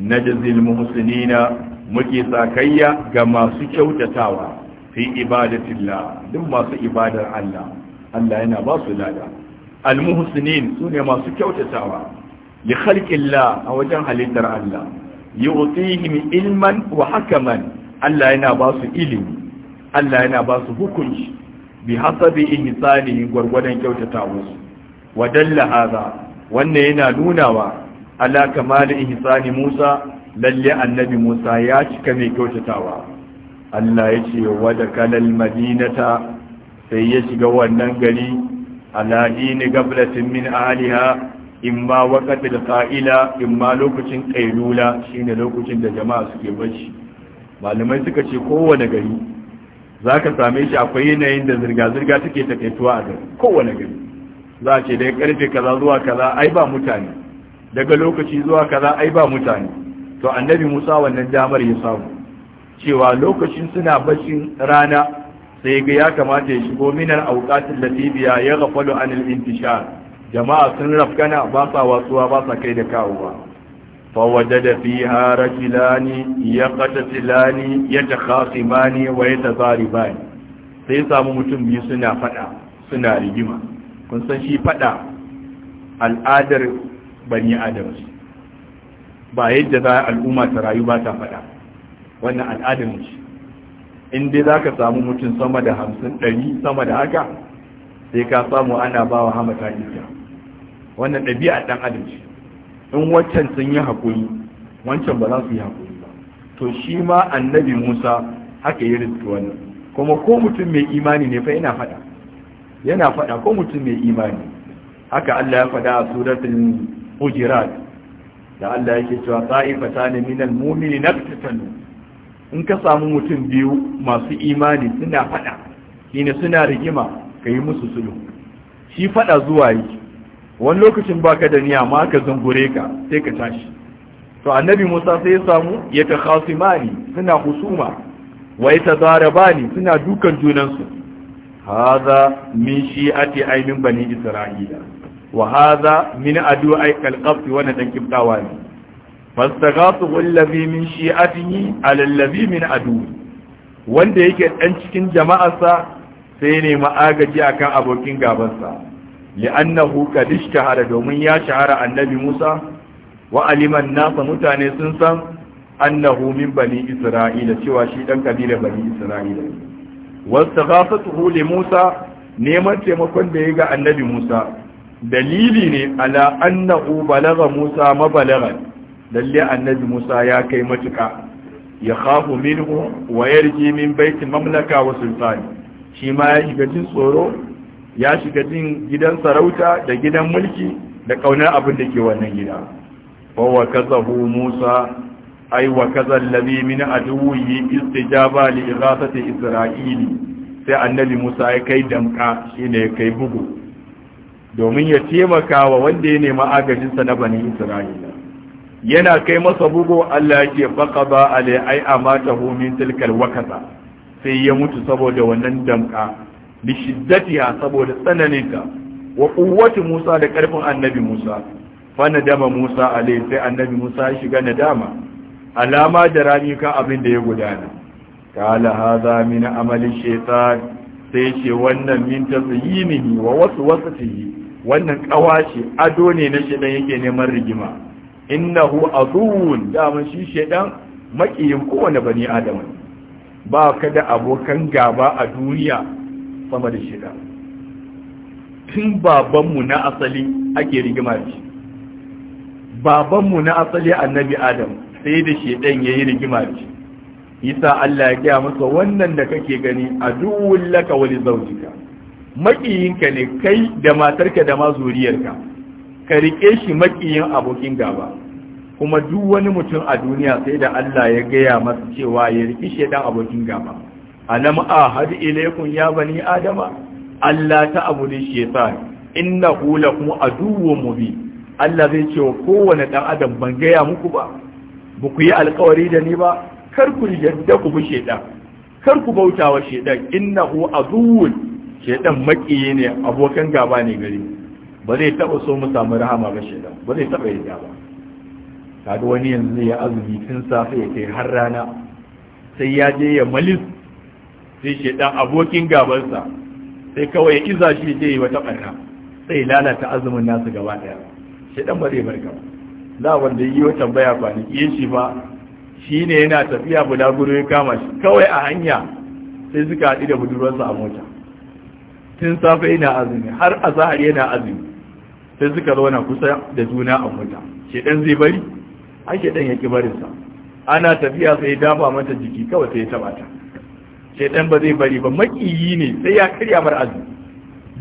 najzil muhsinina muke sakayya ga masu kyautatawa fi ibadatillah duk masu ibadar Allah Allah yana ba su lada al muhsinin sune masu kyautatawa li khalqillah a wajen halittar Allah yu'tihim ilman wa hakaman Allah yana ba su ilimi Allah yana ba su hukunci bi hasabi ihsanihi gurgurdan kyautatawa su wa haza, hadha wannan yana nunawa ala kamal ihsani Musa lalle annabi Musa ya cika mai kyautatawa Allah ya ce wa da kalal madinata sai ya shiga wannan gari ala dini gablatin min ahliha imma waqatil qa'ila imma lokacin qailula shine lokacin da jama'a suke bacci malamai suka ce kowane gari zaka same shi akwai yanayin da zirga zirga take takaituwa a gari kowane gari za a ce daga karfe kaza zuwa kaza ai ba mutane daga lokaci zuwa kaza ai ba mutane to annabi Musa wannan damar ya samu cewa lokacin suna bacin rana sai ga ya kamata ya shigo minar auqatil latibiya ya ghafalu anil intishar jama'a sun rafkana ba sa watsuwa ba sa kai da kawowa fa wajada fiha rajulani yaqtatilani yatakhasimani wa bani? sai samu mutum biyu suna fada suna rigima kun san shi fada al'adar bani adam ba yadda za al'umma ta rayu ba ta fada wannan al'adar shi in dai za ka samu mutum sama da hamsin ɗari sama da haka sai ka samu ana ba wa hamata iska wannan ɗabi'a ɗan adam ce in waccan sun yi haƙuri wancan ba za su yi haƙuri ba to shi ma annabi musa haka yi rizki wannan kuma ko mutum mai imani ne fa ina faɗa yana faɗa ko mutum mai imani haka Allah ya faɗa a suratul hujurat da Allah yake cewa ta'ifatan minal mu'minin naqtatalu in ka samu mutum biyu masu imani suna faɗa shine suna rigima yi musu sulhu shi faɗa zuwa yi wani lokacin baka da niyya ma ka zungure ka sai ka tashi to annabi Musa sai ya samu ya ta khasimani suna husuma wa ya tadarabani suna dukan junansu هذا من شيئة أي من بني إسرائيل وهذا من أدو أي كالقبط ونتنكب تواني فاستغاثه الذي من شيئته على الذي من أدو wanda yake ɗan cikin jama'a sa, sai ne agaji akan abokin gabansa li'annahu qad ishtahara domin ya shahara annabi Musa wa aliman nasa mutane sun san annahu min bani Isra'ila cewa shi dan kabilar bani Isra'ila ne wastaghafatuhu li Musa neman taimakon da ya ga annabi Musa dalili ne ala annahu balagha Musa mabalagha lalle annabi Musa ya kai matuka ya khafu minhu wa yarji min baiti mamlaka wa sultani shi ma ya shiga jin tsoro ya shiga jin gidan sarauta da gidan mulki da ƙaunar abin da ke wannan gida wa kazahu Musa ai wa kaza allazi min aduwwi istijaba li ighathati isra'ili sai annabi Musa ya kai damka shi ne kai bugu domin ya taimaka wa wanda ya nema agajinsa na bani isra'ila yana kai masa bugu Allah yake faqaba alai ai amatahu min tilkal wakaza sai ya mutu saboda wannan damka bi shiddatiha saboda tsananinta wa quwwati Musa da karfin annabi Musa fa nadama Musa alai sai annabi Musa ya shiga nadama alama da rami kan abin da ya gudana kala haza min amali shaytan sai ce wannan min tazyinihi wa wasu wasu, wasatihi wannan kawashi ado ne na shaitan yake neman rigima innahu aduwwun daman shi shaitan makiyin kowane bani adam ba ka da abokan gaba a duniya sama da shaitan tun babanmu na asali ake rigima da shi babanmu na asali annabi adam sai da shi ya yi rigima da shi yasa Allah ya gaya masa wannan da kake gani a duwul laka wani zawjika makiyinka ne kai da matarka da ma zuriyarka ka rike shi makiyin abokin gaba kuma duk wani mutum a duniya sai da Allah ya gaya masa cewa ya riki dan abokin gaba alam ahad ilaykum ya bani adama Allah ta abudu shaytan innahu lakum aduwwun mubin Allah zai ce wa kowane dan adam ban gaya muku ba ba ku yi alkawari da ni ba kar ku yadda ku bi shedan kar ku bauta wa shedan innahu azuwun shedan makiyi ne abokan gaba ne gari ba zai taba so mu samu rahama ba shedan ba zai taba yi gaba kaga wani yanzu zai azumi tun safe ya kai har rana sai ya je ya malis sai shedan abokin gabansa sai kawai ya iza shi je yi wata barna sai lalata azumin nasu gaba daya shedan ba zai barka ba a wanda yi wa tambaya kwanaki ya shi ba shi ne yana tafiya bulaguro ya kama shi kawai a hanya sai suka haɗu da budurwarsa a mota tun safe yana azumi har a zahar yana azumi sai suka zauna kusa da juna a mota shedan zai bari shi ɗan ya ki barinsa ana tafiya sai dafa mata jiki kawai sai ya taba ta shedan ba zai bari ba makiyi ne sai ya karya mar azumi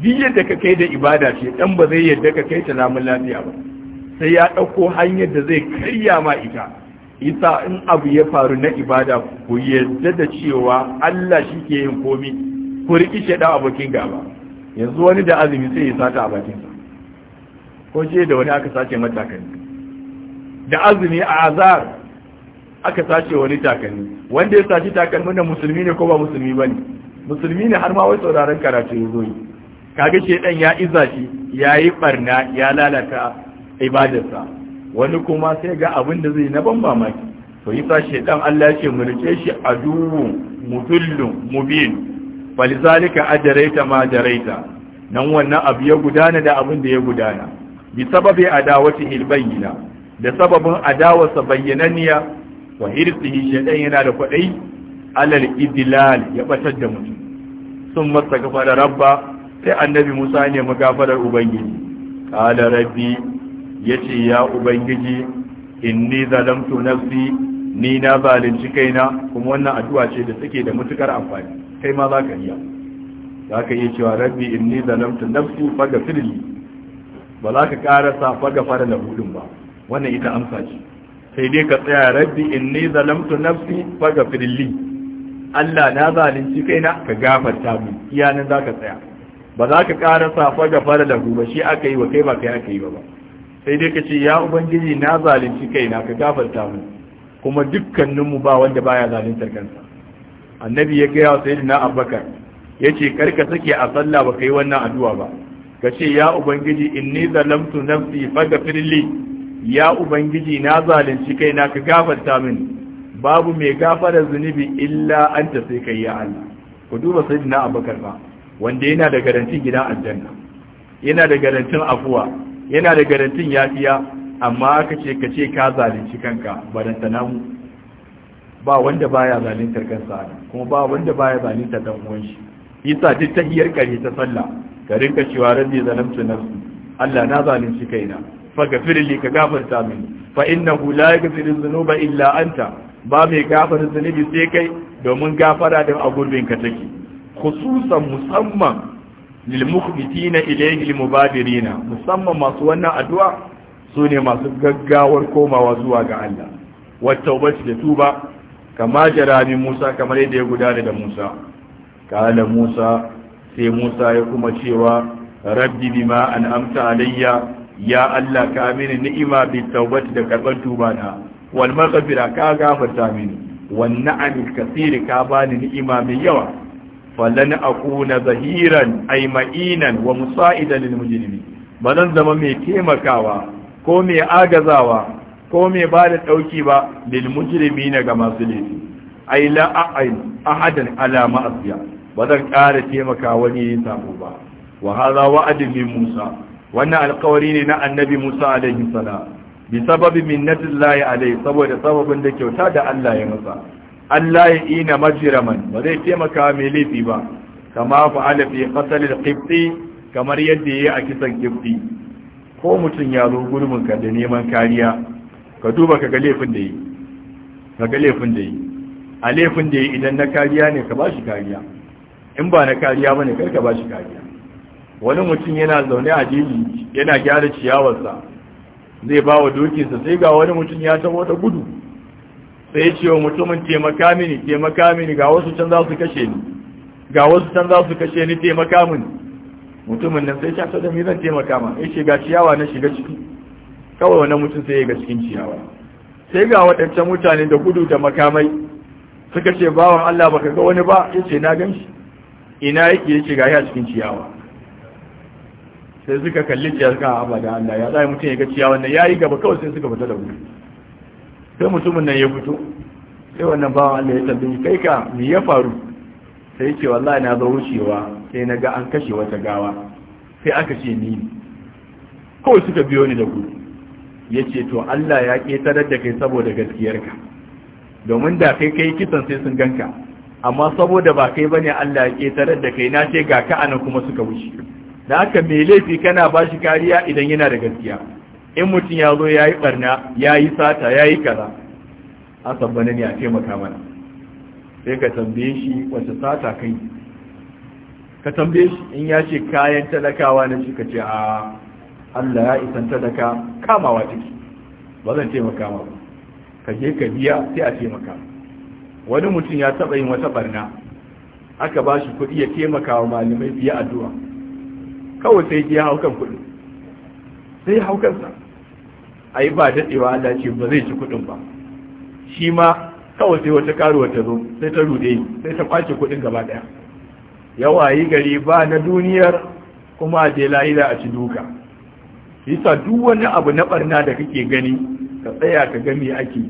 duk yadda ka kai da ibada shedan ba zai yadda ka kai ta lamun lafiya ba sai ya ɗauko hanyar da zai karya ma ita isa in abu ya faru na ibada ku yarda da cewa Allah shi ke yin komi ku riƙi shaɗa abokin gaba yanzu wani da azumi sai ya sata a bakinsa ko ce da wani aka sace matakanni da azumi a azar aka sace wani takanni wanda ya sace takalmi na musulmi ne ko ba musulmi ba ne musulmi ne har ma wai sauraron karatu ya zo yi kaga shedan ya iza shi ya yi barna ya lalata ibadarsa wani kuma sai ga abin da zai na ban mamaki to yi sa shaidan Allah ce mu rike shi aduwu mudillun mubin falizalika adaraita ma daraita nan wannan abu ya gudana da abin da ya gudana bi sababi adawati hilbayyina da sababin adawarsa bayyananniya wa hirsihi shaidan yana da kwadai alal idlal ya batar da mutum sun masa gafara rabba sai annabi Musa ne magafarar ubangiji qala rabbi yace ya ubangiji inni zalamtu nafsi ni na zalunci kaina kuma wannan addu'a ce da take da mutukar amfani kai ma zaka iya zaka iya cewa rabbi inni zalamtu nafsi firli ba za ka karasa fara lahu din ba wannan ita amsa ce sai dai ka tsaya rabbi inni zalamtu nafsi firli Allah na zalunci kaina ka gafarta min iyanan zaka tsaya ba za ka karasa da lahu ba shi aka yi wa kai ba kai aka yi ba ba sai dai ka ce ya ubangiji na zalunci kaina ka gafarta mu kuma dukkaninmu ba wanda baya zaluntar kansa annabi ya gaya wa sayyidina abubakar ya ce ka sake a sallah ba kai wannan addu'a ba ka ce ya ubangiji inni zalamtu nafsi faghfir li ya ubangiji na zalunci kaina ka gafarta min babu mai gafara zunubi illa anta sai kai ya Allah ku duba sayyidina abubakar ba wanda yana da garantin gidan aljanna yana da garantin afuwa yana da garantin yafiya amma aka ce ka ce ka zalunci kanka baranta namu ba wanda baya zaluntar kansa kuma ba wanda baya zaluntar dan uwan shi isa duk hiyar kare ta sallah ka rinka cewa rabbi zalamtu nafsi Allah na zalunci kaina Fa gafir li ka gafarta mini fa innahu la yaghfiru dhunuba illa anta ba mai gafarin zunubi sai kai domin gafara da a gurbin ka take khususan musamman lilmukhbitina ilayhi almubadirina musamman masu wannan addu'a su ne masu gaggawar komawa zuwa ga Allah wa tawbati da tuba kama jarami Musa kamar yadda ya gudana da Musa kala Musa sai Musa ya kuma cewa rabbi bima an'amta alayya ya Allah ka mini ni'ima bi tawbati da karban tuba na wal maghfira ka gafarta mini wan na'am kathiri ka bani ni'ima mai yawa falan akuna zahiran aima'inan ma'inan wa musa'idan lil mujrimin ba zan zama mai taimakawa ko mai agazawa ko mai ba da dauki ba lil mujrimin ga masu laifi Ai la a'in ahadan ala ma'asiya ba zan ƙara taimaka wani yin sabo ba wa hadha min Musa wannan alƙawari ne na annabi Musa alaihi salam bi sababi minnatillahi alaihi saboda sababin da kyauta da Allah ya masa Allah ya ina majiraman ba zai taimaka mai laifi ba kama fa fi qatalil qibti kamar yadda yi a kisan qibti ko mutum ya zo gurbin ka da neman kariya ka duba ka ga laifin da yi ka ga laifin da yi a laifin da yi idan na kariya ne ka bashi kariya in ba na kariya bane kar ka bashi kariya wani mutum yana zaune a jeji yana gyara ciyawarsa zai ba wa dokinsa sai ga wani mutum ya taho da gudu sai ya ce wa mutumin taimaka mini taimaka mini ga wasu can za su kashe ni ga wasu can za su kashe ni taimaka mini mutumin nan sai ya ce da mizan zan taimaka ma ya ce ga ciyawa na shiga ciki kawai wani mutum sai ya ga cikin ciyawa sai ga waɗancan mutane da gudu da makamai suka ce bawan Allah baka ga wani ba ya ce na gan shi ina yake ya ce ga ya cikin ciyawa sai suka kalli ciyar kan abada Allah ya zai mutum ya ga ciyawa nan ya yi gaba kawai sai suka fita da gudu sai mutumin nan ya fito sai wannan bawan Allah ya tambaye kai ka me ya faru sai ce wallahi na zo wucewa sai na ga an kashe wata gawa sai aka ce ni kawai suka biyo ni da gudu ya ce to Allah ya ƙetarar da kai saboda gaskiyarka domin da kai kai kisan sai sun ganka amma saboda ba kai bane Allah ya ƙetarar da kai na ce ga ka anan kuma suka wuce da haka mai laifi kana ba shi kariya idan yana da gaskiya in mutum ya zo ya yi barna ya yi sata ya yi kaza a sabbani ne a taimaka mana sai ka tambaye shi wace sata kai ka tambaye shi in ya ce kayan talakawa na shi ka ce a Allah ya isan talaka kamawa ciki ba zan taimaka ma ba ka je ka biya sai a taimaka wani mutum ya taɓa yin wata barna aka ba shi kuɗi ya taimaka wa malamai biya addu'a kawai sai ya hau kan kuɗi sai haukansa yi ba daɗewa Allah ce ba zai ci kuɗin ba shi ma kawai sai wata karuwa ta zo sai ta rude sai ta kwace kuɗin gaba ɗaya yawa yi gari ba na duniyar kuma a je lahira a ci duka yasa duk wani abu na barna da kake gani ka tsaya ka ga me ake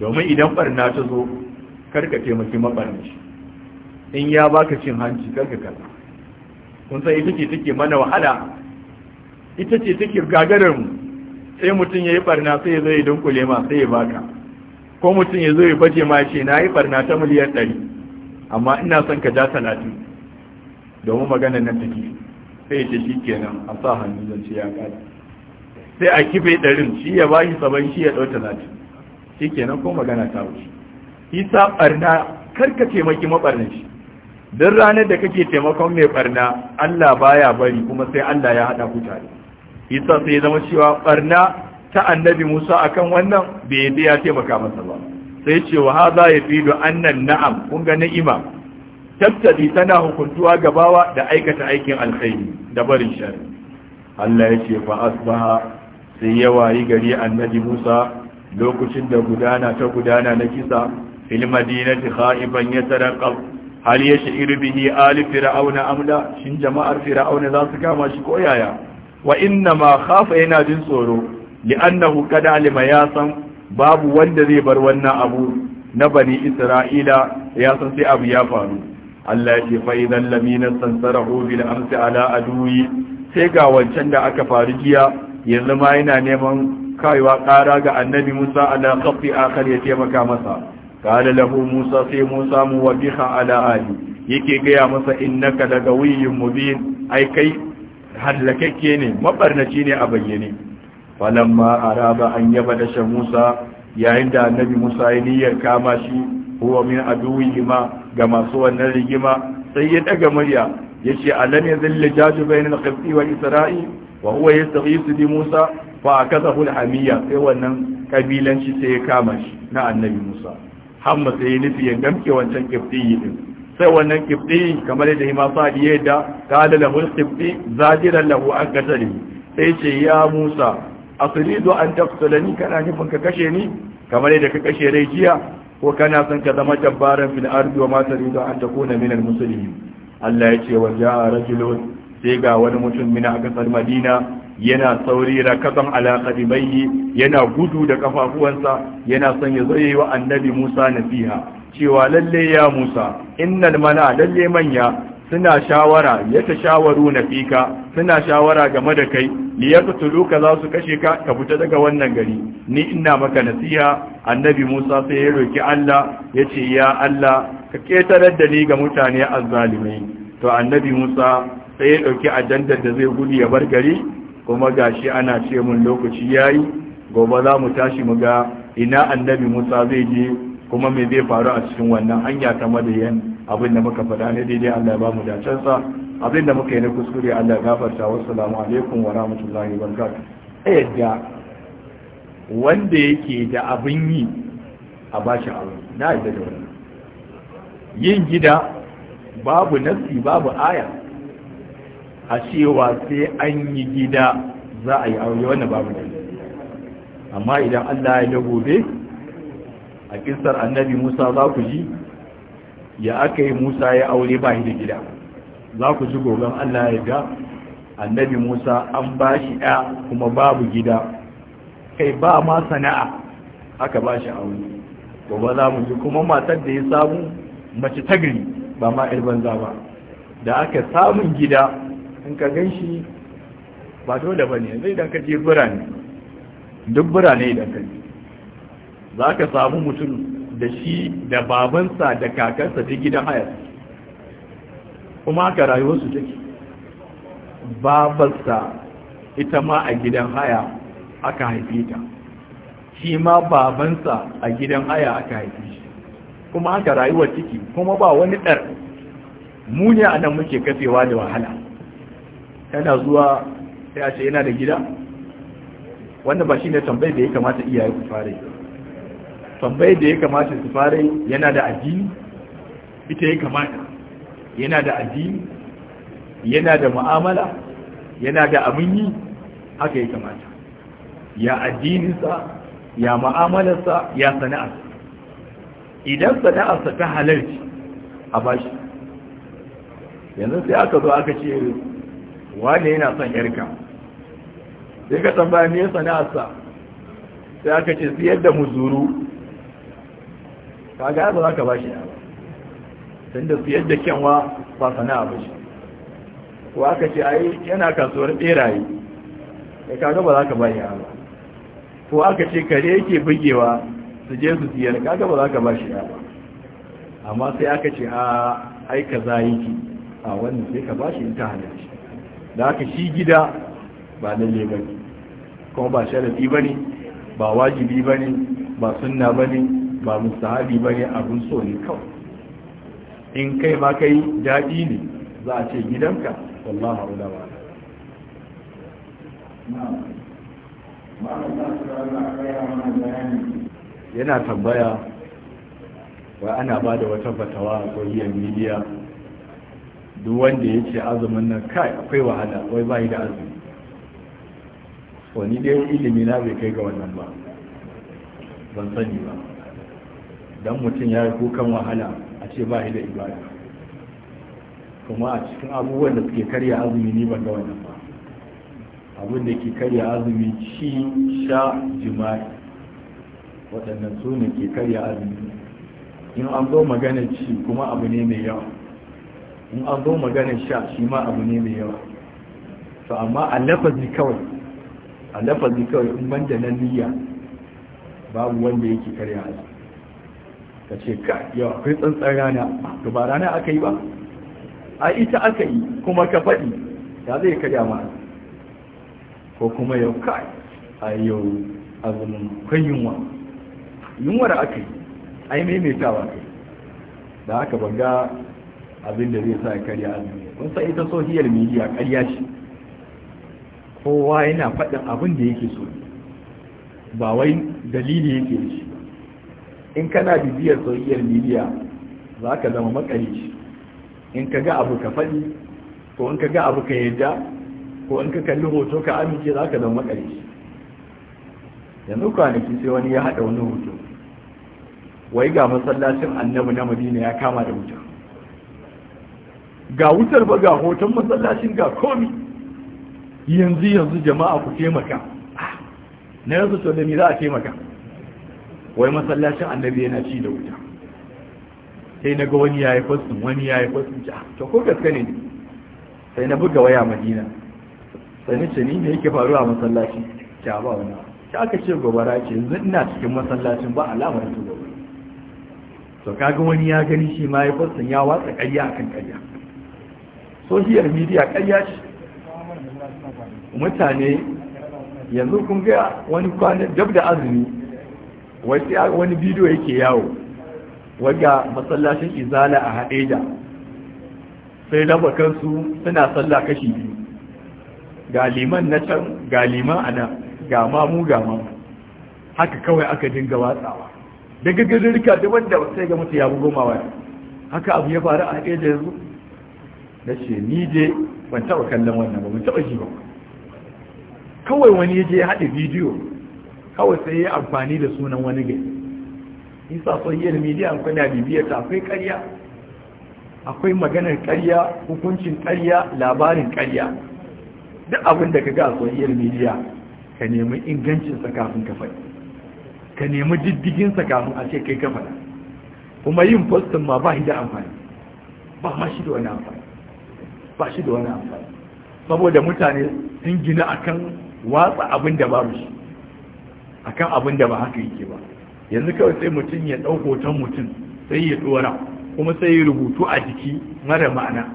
domin idan barna ta zo karka taimaki shi in ya baka cin hanci karka kaza kun san ita ce take mana wahala ita ce take gagarar mu sai mutum ya yi barna sai ya zo ya dunkule ma sai ya baka ko mutum ya zo ya baje ma ce na yi barna ta miliyan ɗari amma ina son ka ja talatin domin maganar nan take sai ce shi kenan a sa hannu zan ce ya kada sai a kife ɗarin shi ya bashi saban shi ya ɗau talatin shi kenan ko magana ta wuce isa barna ka taimaki shi. don ranar da kake taimakon mai barna Allah baya bari kuma sai Allah ya haɗa ku tare yasa sai ya zama cewa barna ta annabi Musa akan wannan bai yadda ya taimaka masa ba sai ce wa fi yafidu annan na'am kun ga ni'ima tattadi tana hukuntuwa gabawa da aikata aikin alkhairi da barin shari Allah ya ce fa asbaha sai ya wayi gari annabi Musa lokacin da gudana ta gudana na kisa fil madinati khaiban yatarqab hal ya sha'iru bihi ali fir'auna amla shin jama'ar fir'auna za su kama shi ko yaya wa inna ma khafa yana jin tsoro li'annahu kada alima ya san babu wanda zai bar wannan abu na bani isra'ila ya san sai abu ya faru Allah ya ce fa idan lamina sansarahu bil amsi ala aduwi sai ga wancan da aka faru jiya yanzu ma yana neman kaiwa ƙara ga annabi Musa ala khafi akhar ya taimaka masa qala lahu Musa sai Musa muwaddiha ala ali yake gaya masa innaka daga wiyin mubin ai kai hallakakke ne mabarnaci ne a bayyane falamma araba an yaba da shan musa yayin da annabi musa ya niyyar kama shi huwa min aduwihima ga masu wannan rigima sai ya daga murya yace alam yazil jaju bainal qibti wal isra'i wa huwa yastaghisu bi musa fa akathahu al hamiya sai wannan kabilanci sai ya kama shi na annabi musa hamma sai ya nufi ya gamke wancan qibti din sai wannan kifti kamar yadda hima sa da yadda kala lahu kifti zajiran lahu an qatali sai ce ya Musa asridu an taqtulani kana nufin ka kashe ni kamar yadda ka kashe rai jiya ko kana son ka zama jabbaran fil ardi wa ma taridu an takuna min al Allah ya ce wa ja'a rajulun sai ga wani mutum mina a kasar Madina yana sauri rakatan ala qadibayhi yana gudu da kafafuwansa yana son ya zo wa annabi Musa nasiha cewa lalle ya Musa innal mana lalle manya suna shawara ya ta shawaru na fika suna shawara game da kai liyaqtulu ka za su kashe ka ka fita daga wannan gari ni ina maka nasiha annabi Musa sai ya roki Allah ya ce ya Allah ka ketarar da ni ga mutane azzalimai to annabi Musa sai ya ɗauki ajandar da zai gudu ya bar gari kuma shi ana ce mun lokaci yayi gobe za mu tashi mu ga ina annabi Musa zai je kuma me zai faru a cikin wannan hanya ta madayan abin da muka faɗa ne daidai Allah ya ba mu dacen abin da muka yi na kuskure Allah ya gafarta wa assalamu alaikum wa rahmatullahi wa barakatuh yadda wanda yake da abin yi a bashi abu na yadda da wannan yin gida babu nasi babu aya a cewa sai an yi gida za a yi aure wannan babu da amma idan Allah ya da gobe a kisar annabi Musa za ku ji ya aka yi Musa ya aure ba da gida za ku ji gogon Allah ya ga annabi Musa an ba shi ya kuma babu gida kai ba ma sana'a aka ba shi aure gobe za mu ji kuma matar da ya samu mace tagri ba ma banza ba da aka samun gida in ka gan shi ba dole ba ne zai idan ka je birane duk birane idan ka je za ka samu mutum da shi da babansa da kakarsa ta gidan haya kuma haka rayuwarsu take Babansa, ita ma a gidan haya aka haife ta shi ma babansa a gidan haya aka haife shi kuma aka rayuwar ciki kuma ba wani ɗar mu a nan muke kafewa da wahala yana zuwa sai a ce yana da gida wanda ba shi ne tambayar da ya kamata iyaye su fare tambayar da ya kamata su fare yana da addini ita ya kamata yana da addini yana da mu'amala yana da abin yi haka ya kamata ya addininsa ya mu'amalarsa ya sana'arsa idan sana'arsa ta halarci a bashi yanzu sai aka zo aka ce wane yana son yarka sai ka tambaya me sana'arsa sai aka ce siyar da muzuru kaga ba za ka ba shi yawa tun da siyar da kyanwa ba sana'a ba shi ko aka ce ai yana kasuwar beraye ya kaga ba za ka ba shi yawa ko aka ce kare yake bugewa su je su siyar kaga ba za ka ba shi yawa amma sai aka ce a ai kaza yake a wannan sai ka ba shi in ta halarci. da haka shi gida ba lalle ba ne kuma ba sharafi ba ne ba wajibi ba ne ba sunna ba ne ba mustahabi ba ne abin so ne kawai in kai ma kai daɗi ne za a ce gidanka wallaha wula ba yana tambaya wa ana ba da wata fatawa a ƙwariyar miliya duk wanda ya ce azumin nan kai akwai wahala wai bayi da azumi wani dai ilimi na bai kai ga wannan ba ban sani ba don mutum ya yi kukan wahala a ce ba da ibada kuma a cikin abubuwan da suke karya azumi ni ban ga wannan ba abin da ke karya azumi shi sha jima'i waɗannan su ne ke karya azumi in an zo magana ci kuma abu ne mai yawa in an zo maganin sha shi ma abu ne mai yawa to amma a lafazi kawai a lafazi kawai in banda na niyya babu wanda yake karya a ka ce ka yau akwai tsantsan rana to ba rana aka yi ba a ita aka yi kuma ka faɗi ya zai karya ma ko kuma yau kai a yau azumin kwan yunwa yunwar aka yi ai maimaitawa kai da aka banga abin da zai sa ya karya duniya kun san ita sohiyar miliya karya ce kowa yana faɗin abin da yake so ba wai dalili yake shi in kana bibiyar sohiyar miliya za ka zama makarici in ka ga abu ka faɗi ko in ka ga abu ka yadda ko in ka kalli hoto ka amince za ka zama makarici yanzu kwanaki sai wani ya haɗa wani hoto wai ga masallacin annabi na madina ya kama da wuta ga wutar ba ga hoton masallacin ga komi yanzu yanzu jama'a ku taimaka na yanzu to da me za a taimaka wai masallacin annabi yana ci da wuta sai na ga wani yayi fasin wani yayi fasin ja ah, to ko gaske ne sai na buga waya madina sai ni ce ni me yake faruwa a masallaci ba wani ta aka ce gobara ce yanzu ina cikin masallacin ba alamar ta gobara to kaga wani ya gani shi ma ya fasin ya watsa ƙarya akan ƙarya sohiyar midiya ƙarya ce mutane yanzu kun ga wani kwanan dab da azumi wani bidiyo yake yawo waga masallacin izala a haɗeja sai lamba kansu suna sallah kashi biyu ga liman na can ga liman a nan ga mamu ga mamu haka kawai aka dinga watsawa daga gajirka da wanda sai ga mutu ya bugo mawaya haka abu ya faru a haɗeja yanzu na ce ni je ban taɓa kallon wannan ba ban taɓa ji ba kawai wani ya je ya haɗa bidiyo kawai sai ya yi amfani da sunan wani gari isa soyayyar midiya akwai na bibiyar ta akwai ƙarya akwai maganar ƙarya hukuncin ƙarya labarin ƙarya duk abin da ka ga soyayyar midiya ka nemi ingancinsa kafin ka faɗi ka nemi diddiginsa kafin a ce kai ka faɗa kuma yin postin ma ba shi da amfani ba ma shi da wani amfani ba shi da wani amfani saboda mutane sun gina akan watsa abin da ba shi akan abin da ba haka yake ba yanzu kawai sai mutum ya ɗau hoton mutum sai ya tsora kuma sai ya rubutu a jiki mara ma'ana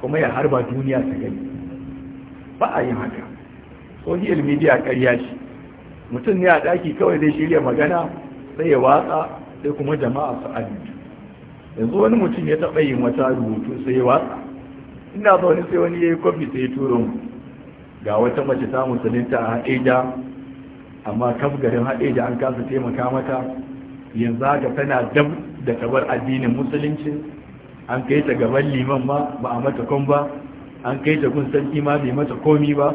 kuma ya harba duniya ta gani ba a yin haka social media ƙarya shi mutum ne a ɗaki kawai zai shirya magana sai ya watsa sai kuma jama'a su abinci yanzu wani mutum ya taɓa yin wata rubutu sai ya watsa ina zaune sai wani ya yi kwafi sai ya turo mu ga wata mace ta musulunta a haɗeja amma kaf garin haɗeja an kasa taimaka mata yanzu haka tana dab da kabar addinin musulunci an kai ta gaban liman ma ba a mata kon ba an kai ta kun san ma bai mata komi ba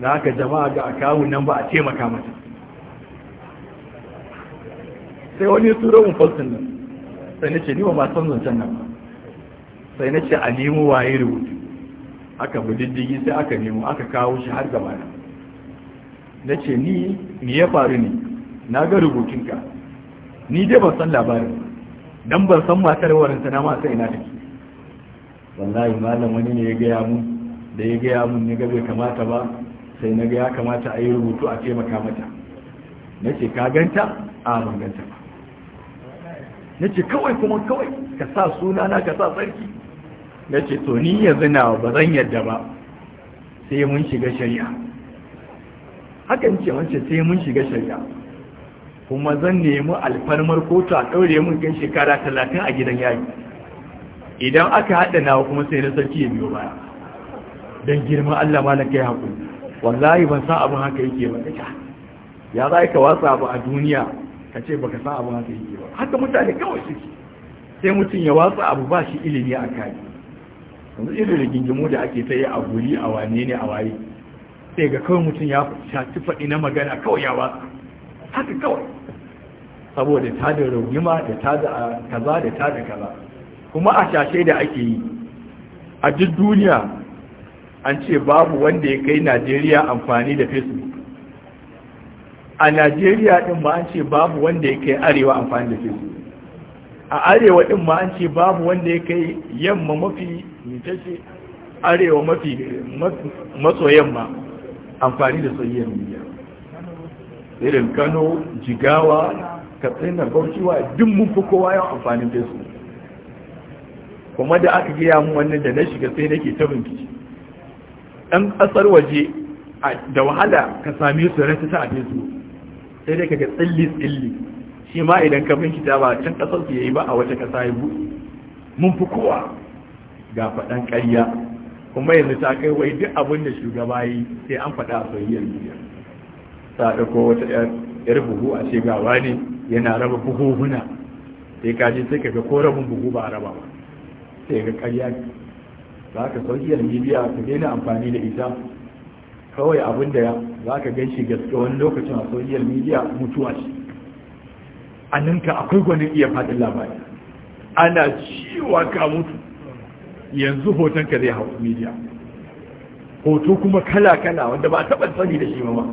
da haka jama'a ga kawo nan ba a taimaka mata sai wani turo mu fasin nan sai na ce ni ba ma san zancen nan ba sai na ce a nemo waye rubutu aka bi diddigi sai aka nemo aka kawo shi har gaba na ce ni ni ya faru ne na ga rubutunka ni dai ban san labarin dan ban san matar waranta na masa ina take wallahi malam wani ne ya gaya mun da ya gaya mun ne ga bai kamata ba sai na ga ya kamata a yi rubutu a taimaka mata na ce ka ganta a ban ganta ba na ce kawai kuma kawai ka sa suna na ka sa sarki. ya ce to ni yanzu na ba zan yadda ba sai mun shiga shari'a hakan ce wance sai mun shiga shari'a kuma zan nemi alfarmar kotu a ɗaure mun kan shekara talatin a gidan yayi idan aka haɗa nawa kuma sai na sarki ya biyo baya don girman Allah ma na kai haƙuri wallahi ban san abin haka yake ba kaca ah, ya za ka watsa abu a duniya ka ce baka san abin haka yake ba haka mutane kawai suke sai mutum ya watsa abu ba shi ilimi a kai yanzu irin rigingimu da ake ta yi a guri a wane ne a waye sai ga kawai mutum ya shafi faɗi na magana kawai ya watsa haka kawai saboda ta da raunima da ta da kaza da ta da kaza kuma a shashe da ake yi a duk duniya an ce babu wanda ya kai najeriya amfani da facebook a najeriya din ma an ce babu wanda ya kai arewa amfani da facebook a arewa din ma an ce babu wanda ya kai yamma mafi ita ce arewa mafi maso yamma amfani da tsayiyar miliyar irin kano jigawa katsina gaukiwa duk mun fi kowa yawan amfani da kuma da aka gaya mu wannan da na shiga sai nake ta binki ɗan ƙasar waje da wahala ka same su rasu ta a fesu sai dai kaga tsilli-tsilli shi ma idan ka ta ba can ƙasar su yayi ba a wata ƙasa ya buɗe mun fi kowa ga faɗan ƙarya kuma yanzu ta kai wai duk abin da shugaba yi sai an faɗa a soyayyar duniya ta ɗauko wata yar buhu a ce ne yana raba buhuhuna sai ka je sai ka ga ko rabin buhu ba a raba ba sai ga ƙarya ne za ka soyayyar duniya ka daina amfani da ita kawai abin da za ka gan shi gaske wani lokacin a soyayyar duniya mutuwa ce a nan ka akwai gwanin iya faɗin labari ana ciwa ka mutu yanzu hotonka zai hau media hoto kuma kala-kala wanda ba taɓa sani da shi ba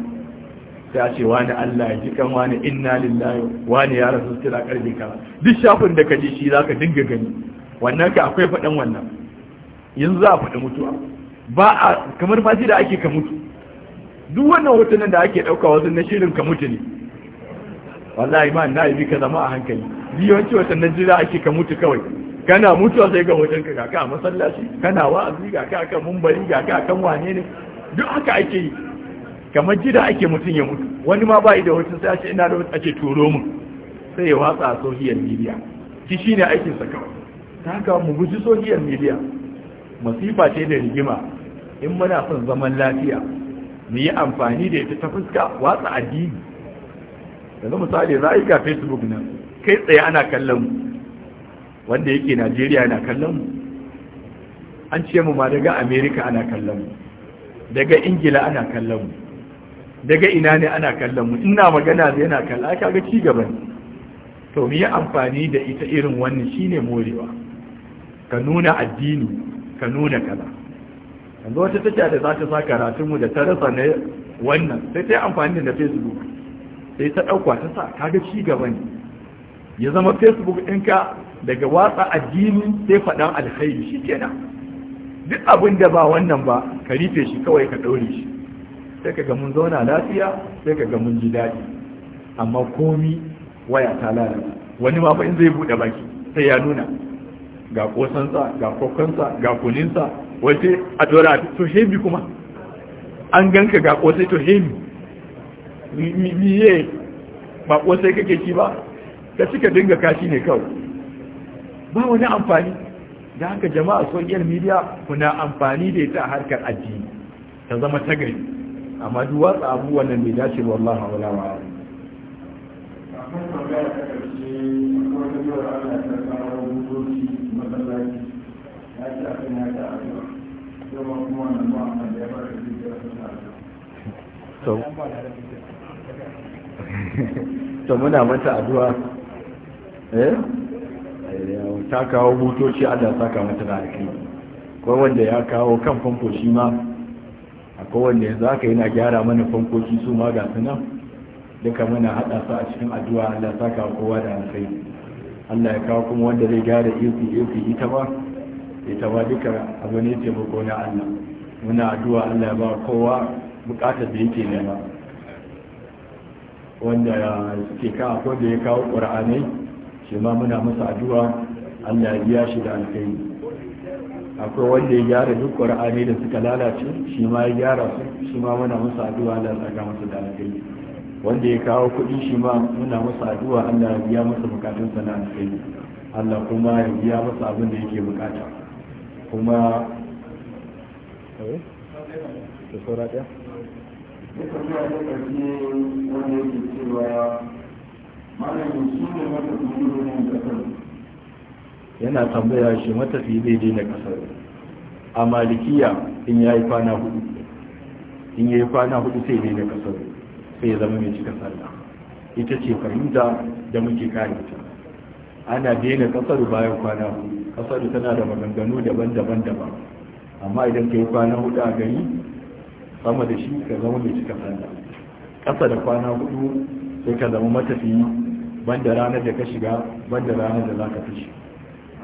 sai a ce wani Allah ya jikan wani inna lillahi wani ya rasu tira karfe kala duk shafin da ka ji shi za ka dinga gani wannan ka akwai faɗin wannan yanzu za a faɗi mutuwa ba a kamar fasi da ake ka mutu duk wannan hoton da ake ɗauka wasu na shirin ka mutu ne wallahi ma na yi ka zama a hankali biyawanci watannan jira ake ka mutu kawai kana mutuwa sai ga hoton ka kaka a masallaci kana wa'azi ga ka kan mumbari ga ka kan wane ne duk haka ake yi kamar jida ake mutum ya mutu wani ma bai da hoton sai a ce ina da a ake turo mu sai ya watsa a sohiyar media shi ne aikin sa kawai ta haka mu guji sohiyar media masifa ce da rigima in muna son zaman lafiya mu yi amfani da ita ta fuska watsa addini yanzu misali za yi ga facebook nan kai tsaye ana kallon mu wanda yake najeriya yana kallon mu an ce mu ma daga amerika ana kallon mu daga ingila ana kallon mu daga ina ne ana kallon mu ina magana da yana kalla aka ga ci gaban to mu yi amfani da ita irin wannan shine morewa ka nuna addini ka nuna kala yanzu wata take da za ta sa karatun mu da ta rasa na wannan sai ta yi amfani da facebook sai ta ɗauka ta sa kaga ci gaba ne ya zama facebook ɗinka daga watsa addini sai faɗan alkhairi shi kenan duk abin da ba wannan ba ka rife shi kawai ka ɗaure shi sai ka ga mun zauna lafiya sai ka ga mun ji daɗi amma komi waya ta lalata wani ma in zai buɗe baki sai ya nuna ga ƙosansa, ga kokonsa ga kuninsa wace a dora to hemi kuma an ganka ga ƙosai to hemi miye ba ƙosai kake ci ba ka cika dinga kashi ne kawai ba wani amfani da haka jama'a social media kuna amfani da ita a harkar addini ta zama ta gari amma duk watsa abu wannan bai dace ba wallahi wala wa to muna mata addu'a eh ta kawo butoci allah saka mata da alkai kawai wanda ya kawo kan famfo shi ma akwai wanda yanzu aka yana gyara mana shi su ma ga nan duka muna haɗa su a cikin addu'a allah saka kowa da alkai allah ya kawo kuma wanda zai gyara irfi irfi ita ba ita ba duka abu ne taimako na allah muna addu'a allah ya ba kowa bukatar da yake nema wanda suke kawo ko da ya kawo ƙura'anai shi ma muna masa addu'a Allah ya biya shi da alkhairi akwai wanda ya gyara duk qur'ani da suka lalace shi ma ya gyara su shi ma muna masa addu'a Allah ya saka masa da alkhairi wanda ya kawo kuɗi shi ma muna masa addu'a Allah ya biya masa bukatun sa na alkhairi Allah kuma ya biya masa abin da yake bukata kuma eh da tafiya ɗaya. Duk wanda ya ce wanda yake cewa yana tambaya shi matafi zai daina kasar a malikiya in ya yi kwana hudu in ya yi kwana hudu sai daina kasar sai ya zama mai cika sallah ita ce fahimta da muke kare ta ana daina kasar bayan kwana hudu kasar tana da maganganu daban-daban daban amma idan ka yi kwana hudu a gari sama da shi ka zama mai cika sallah ƙasa da kwana hudu sai ka zama matafi banda ranar da ka shiga banda ranar da za ka fice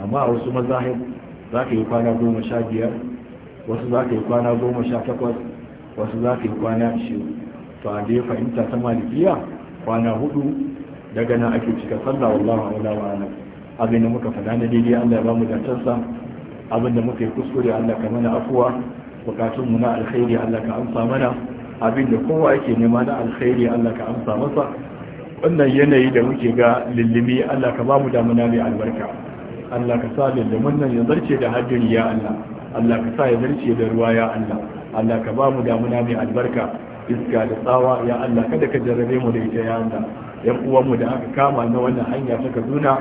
amma a wasu mazahib za ka yi kwana goma sha biyar wasu za ka yi kwana goma sha takwas wasu za ka yi kwana ashirin to a da ya fahimta ta malikiya kwana hudu daga nan ake cika sallah wallahu ala wa ala abin da muka faɗa na daidai Allah ya bamu dantarsa abin da muka yi kuskure Allah ka mana afuwa bukatun mu na alkhairi Allah ka amsa mana abin da kowa yake nema na alkhairi Allah ka amsa masa wannan yanayi da muke ga lillimi Allah ka ba mu damuna mai albarka Allah ka sa lillimin nan ya zarce da hadiri ya Allah Allah ka sa ya zarce da ruwa ya Allah Allah ka ba mu damuna mai albarka iska da tsawa ya Allah kada ka jarrabe mu da ita ya Allah yan uwanmu da aka kama na wannan hanya ta Kaduna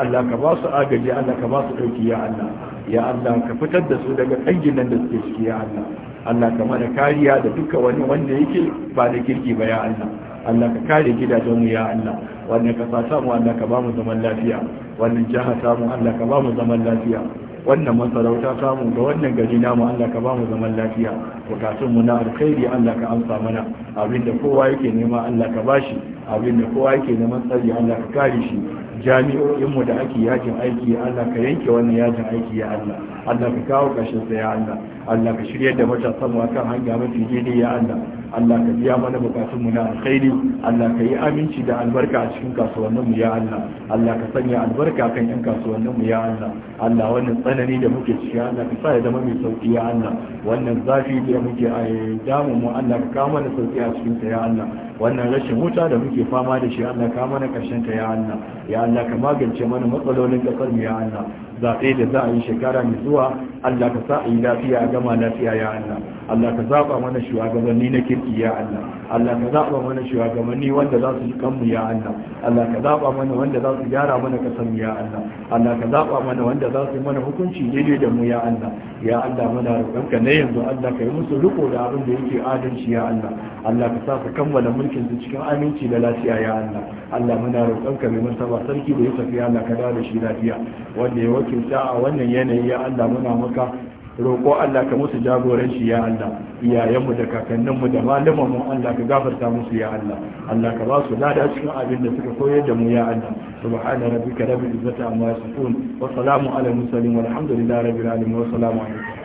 Allah ka ba su agaji Allah ka ba su ɗauki ya Allah ya Allah ka fitar da su daga ƙangin nan da suke ciki ya Allah Allah ka mana kariya da duka wani wanda yake ba da kirki ba ya Allah Allah ka kare gidajenmu ya Allah wannan kasa ta mu Allah ka bamu zaman lafiya wannan jaha ta Allah ka bamu zaman lafiya wannan masarauta samu ga wannan gari namu Allah ka bamu zaman lafiya bukatun mu na alkhairi Allah ka amsa mana abinda kowa yake nema Allah ka bashi abinda kowa yake neman tsari Allah ka kare shi jami'o'in mu da ake yajin aiki Allah ka yanke wannan yajin aiki ya Allah Allah ka kawo kashin sa ya Allah Allah ka shirya da matasan mu kan hanya mafi daidai ya Allah Allah ka biya mana bukatun mu na alkhairi Allah ka yi aminci da albarka a cikin kasuwannin mu ya Allah Allah ka sanya albarka kan yan kasuwannin mu ya Allah Allah wannan tsanani da muke ciki Allah ka sa ya zama mai sauki ya Allah wannan zafi da muke a damu mu Allah ka kawo mana sauki a cikin sa ya Allah wannan rashin wuta da muke fama da shi Allah ka mana karshen ta ya Allah ya Allah ka magance mana matsalolin kasar mu ya Allah zaɓe da za a yi shekara mai zuwa Allah ka sa a lafiya a gama lafiya ya Allah Allah ka zaɓa mana shugabanni na kirki ya Allah Allah ka zaɓa mana shugabanni wanda za su kanmu ya Allah Allah ka zaɓa mana wanda za su gyara mana kasan ya Allah Allah ka zaɓa mana wanda za su mana hukunci daidai da mu ya Allah ya Allah mana roƙonka na yanzu Allah ka yi musu riko da abin da yake adalci ya Allah Allah ka sa su kammala mulkin su cikin aminci da lafiya ya Allah Allah muna roƙonka mai martaba sarki da ya tafi Allah ka dawo da shi lafiya wanda ya wakilta a wannan yanayi ya Allah muna maka roƙo Allah ka musu jagoranci ya Allah iyayenmu da kakanninmu da malamanmu Allah ka gafarta musu ya Allah Allah ka ba su lada cikin abin da suka koyar da mu ya Allah subhana rabbika rabbil izzati amma yasifun wa salamu ala mursalin walhamdulillahi rabbil alamin wa salamu alaikum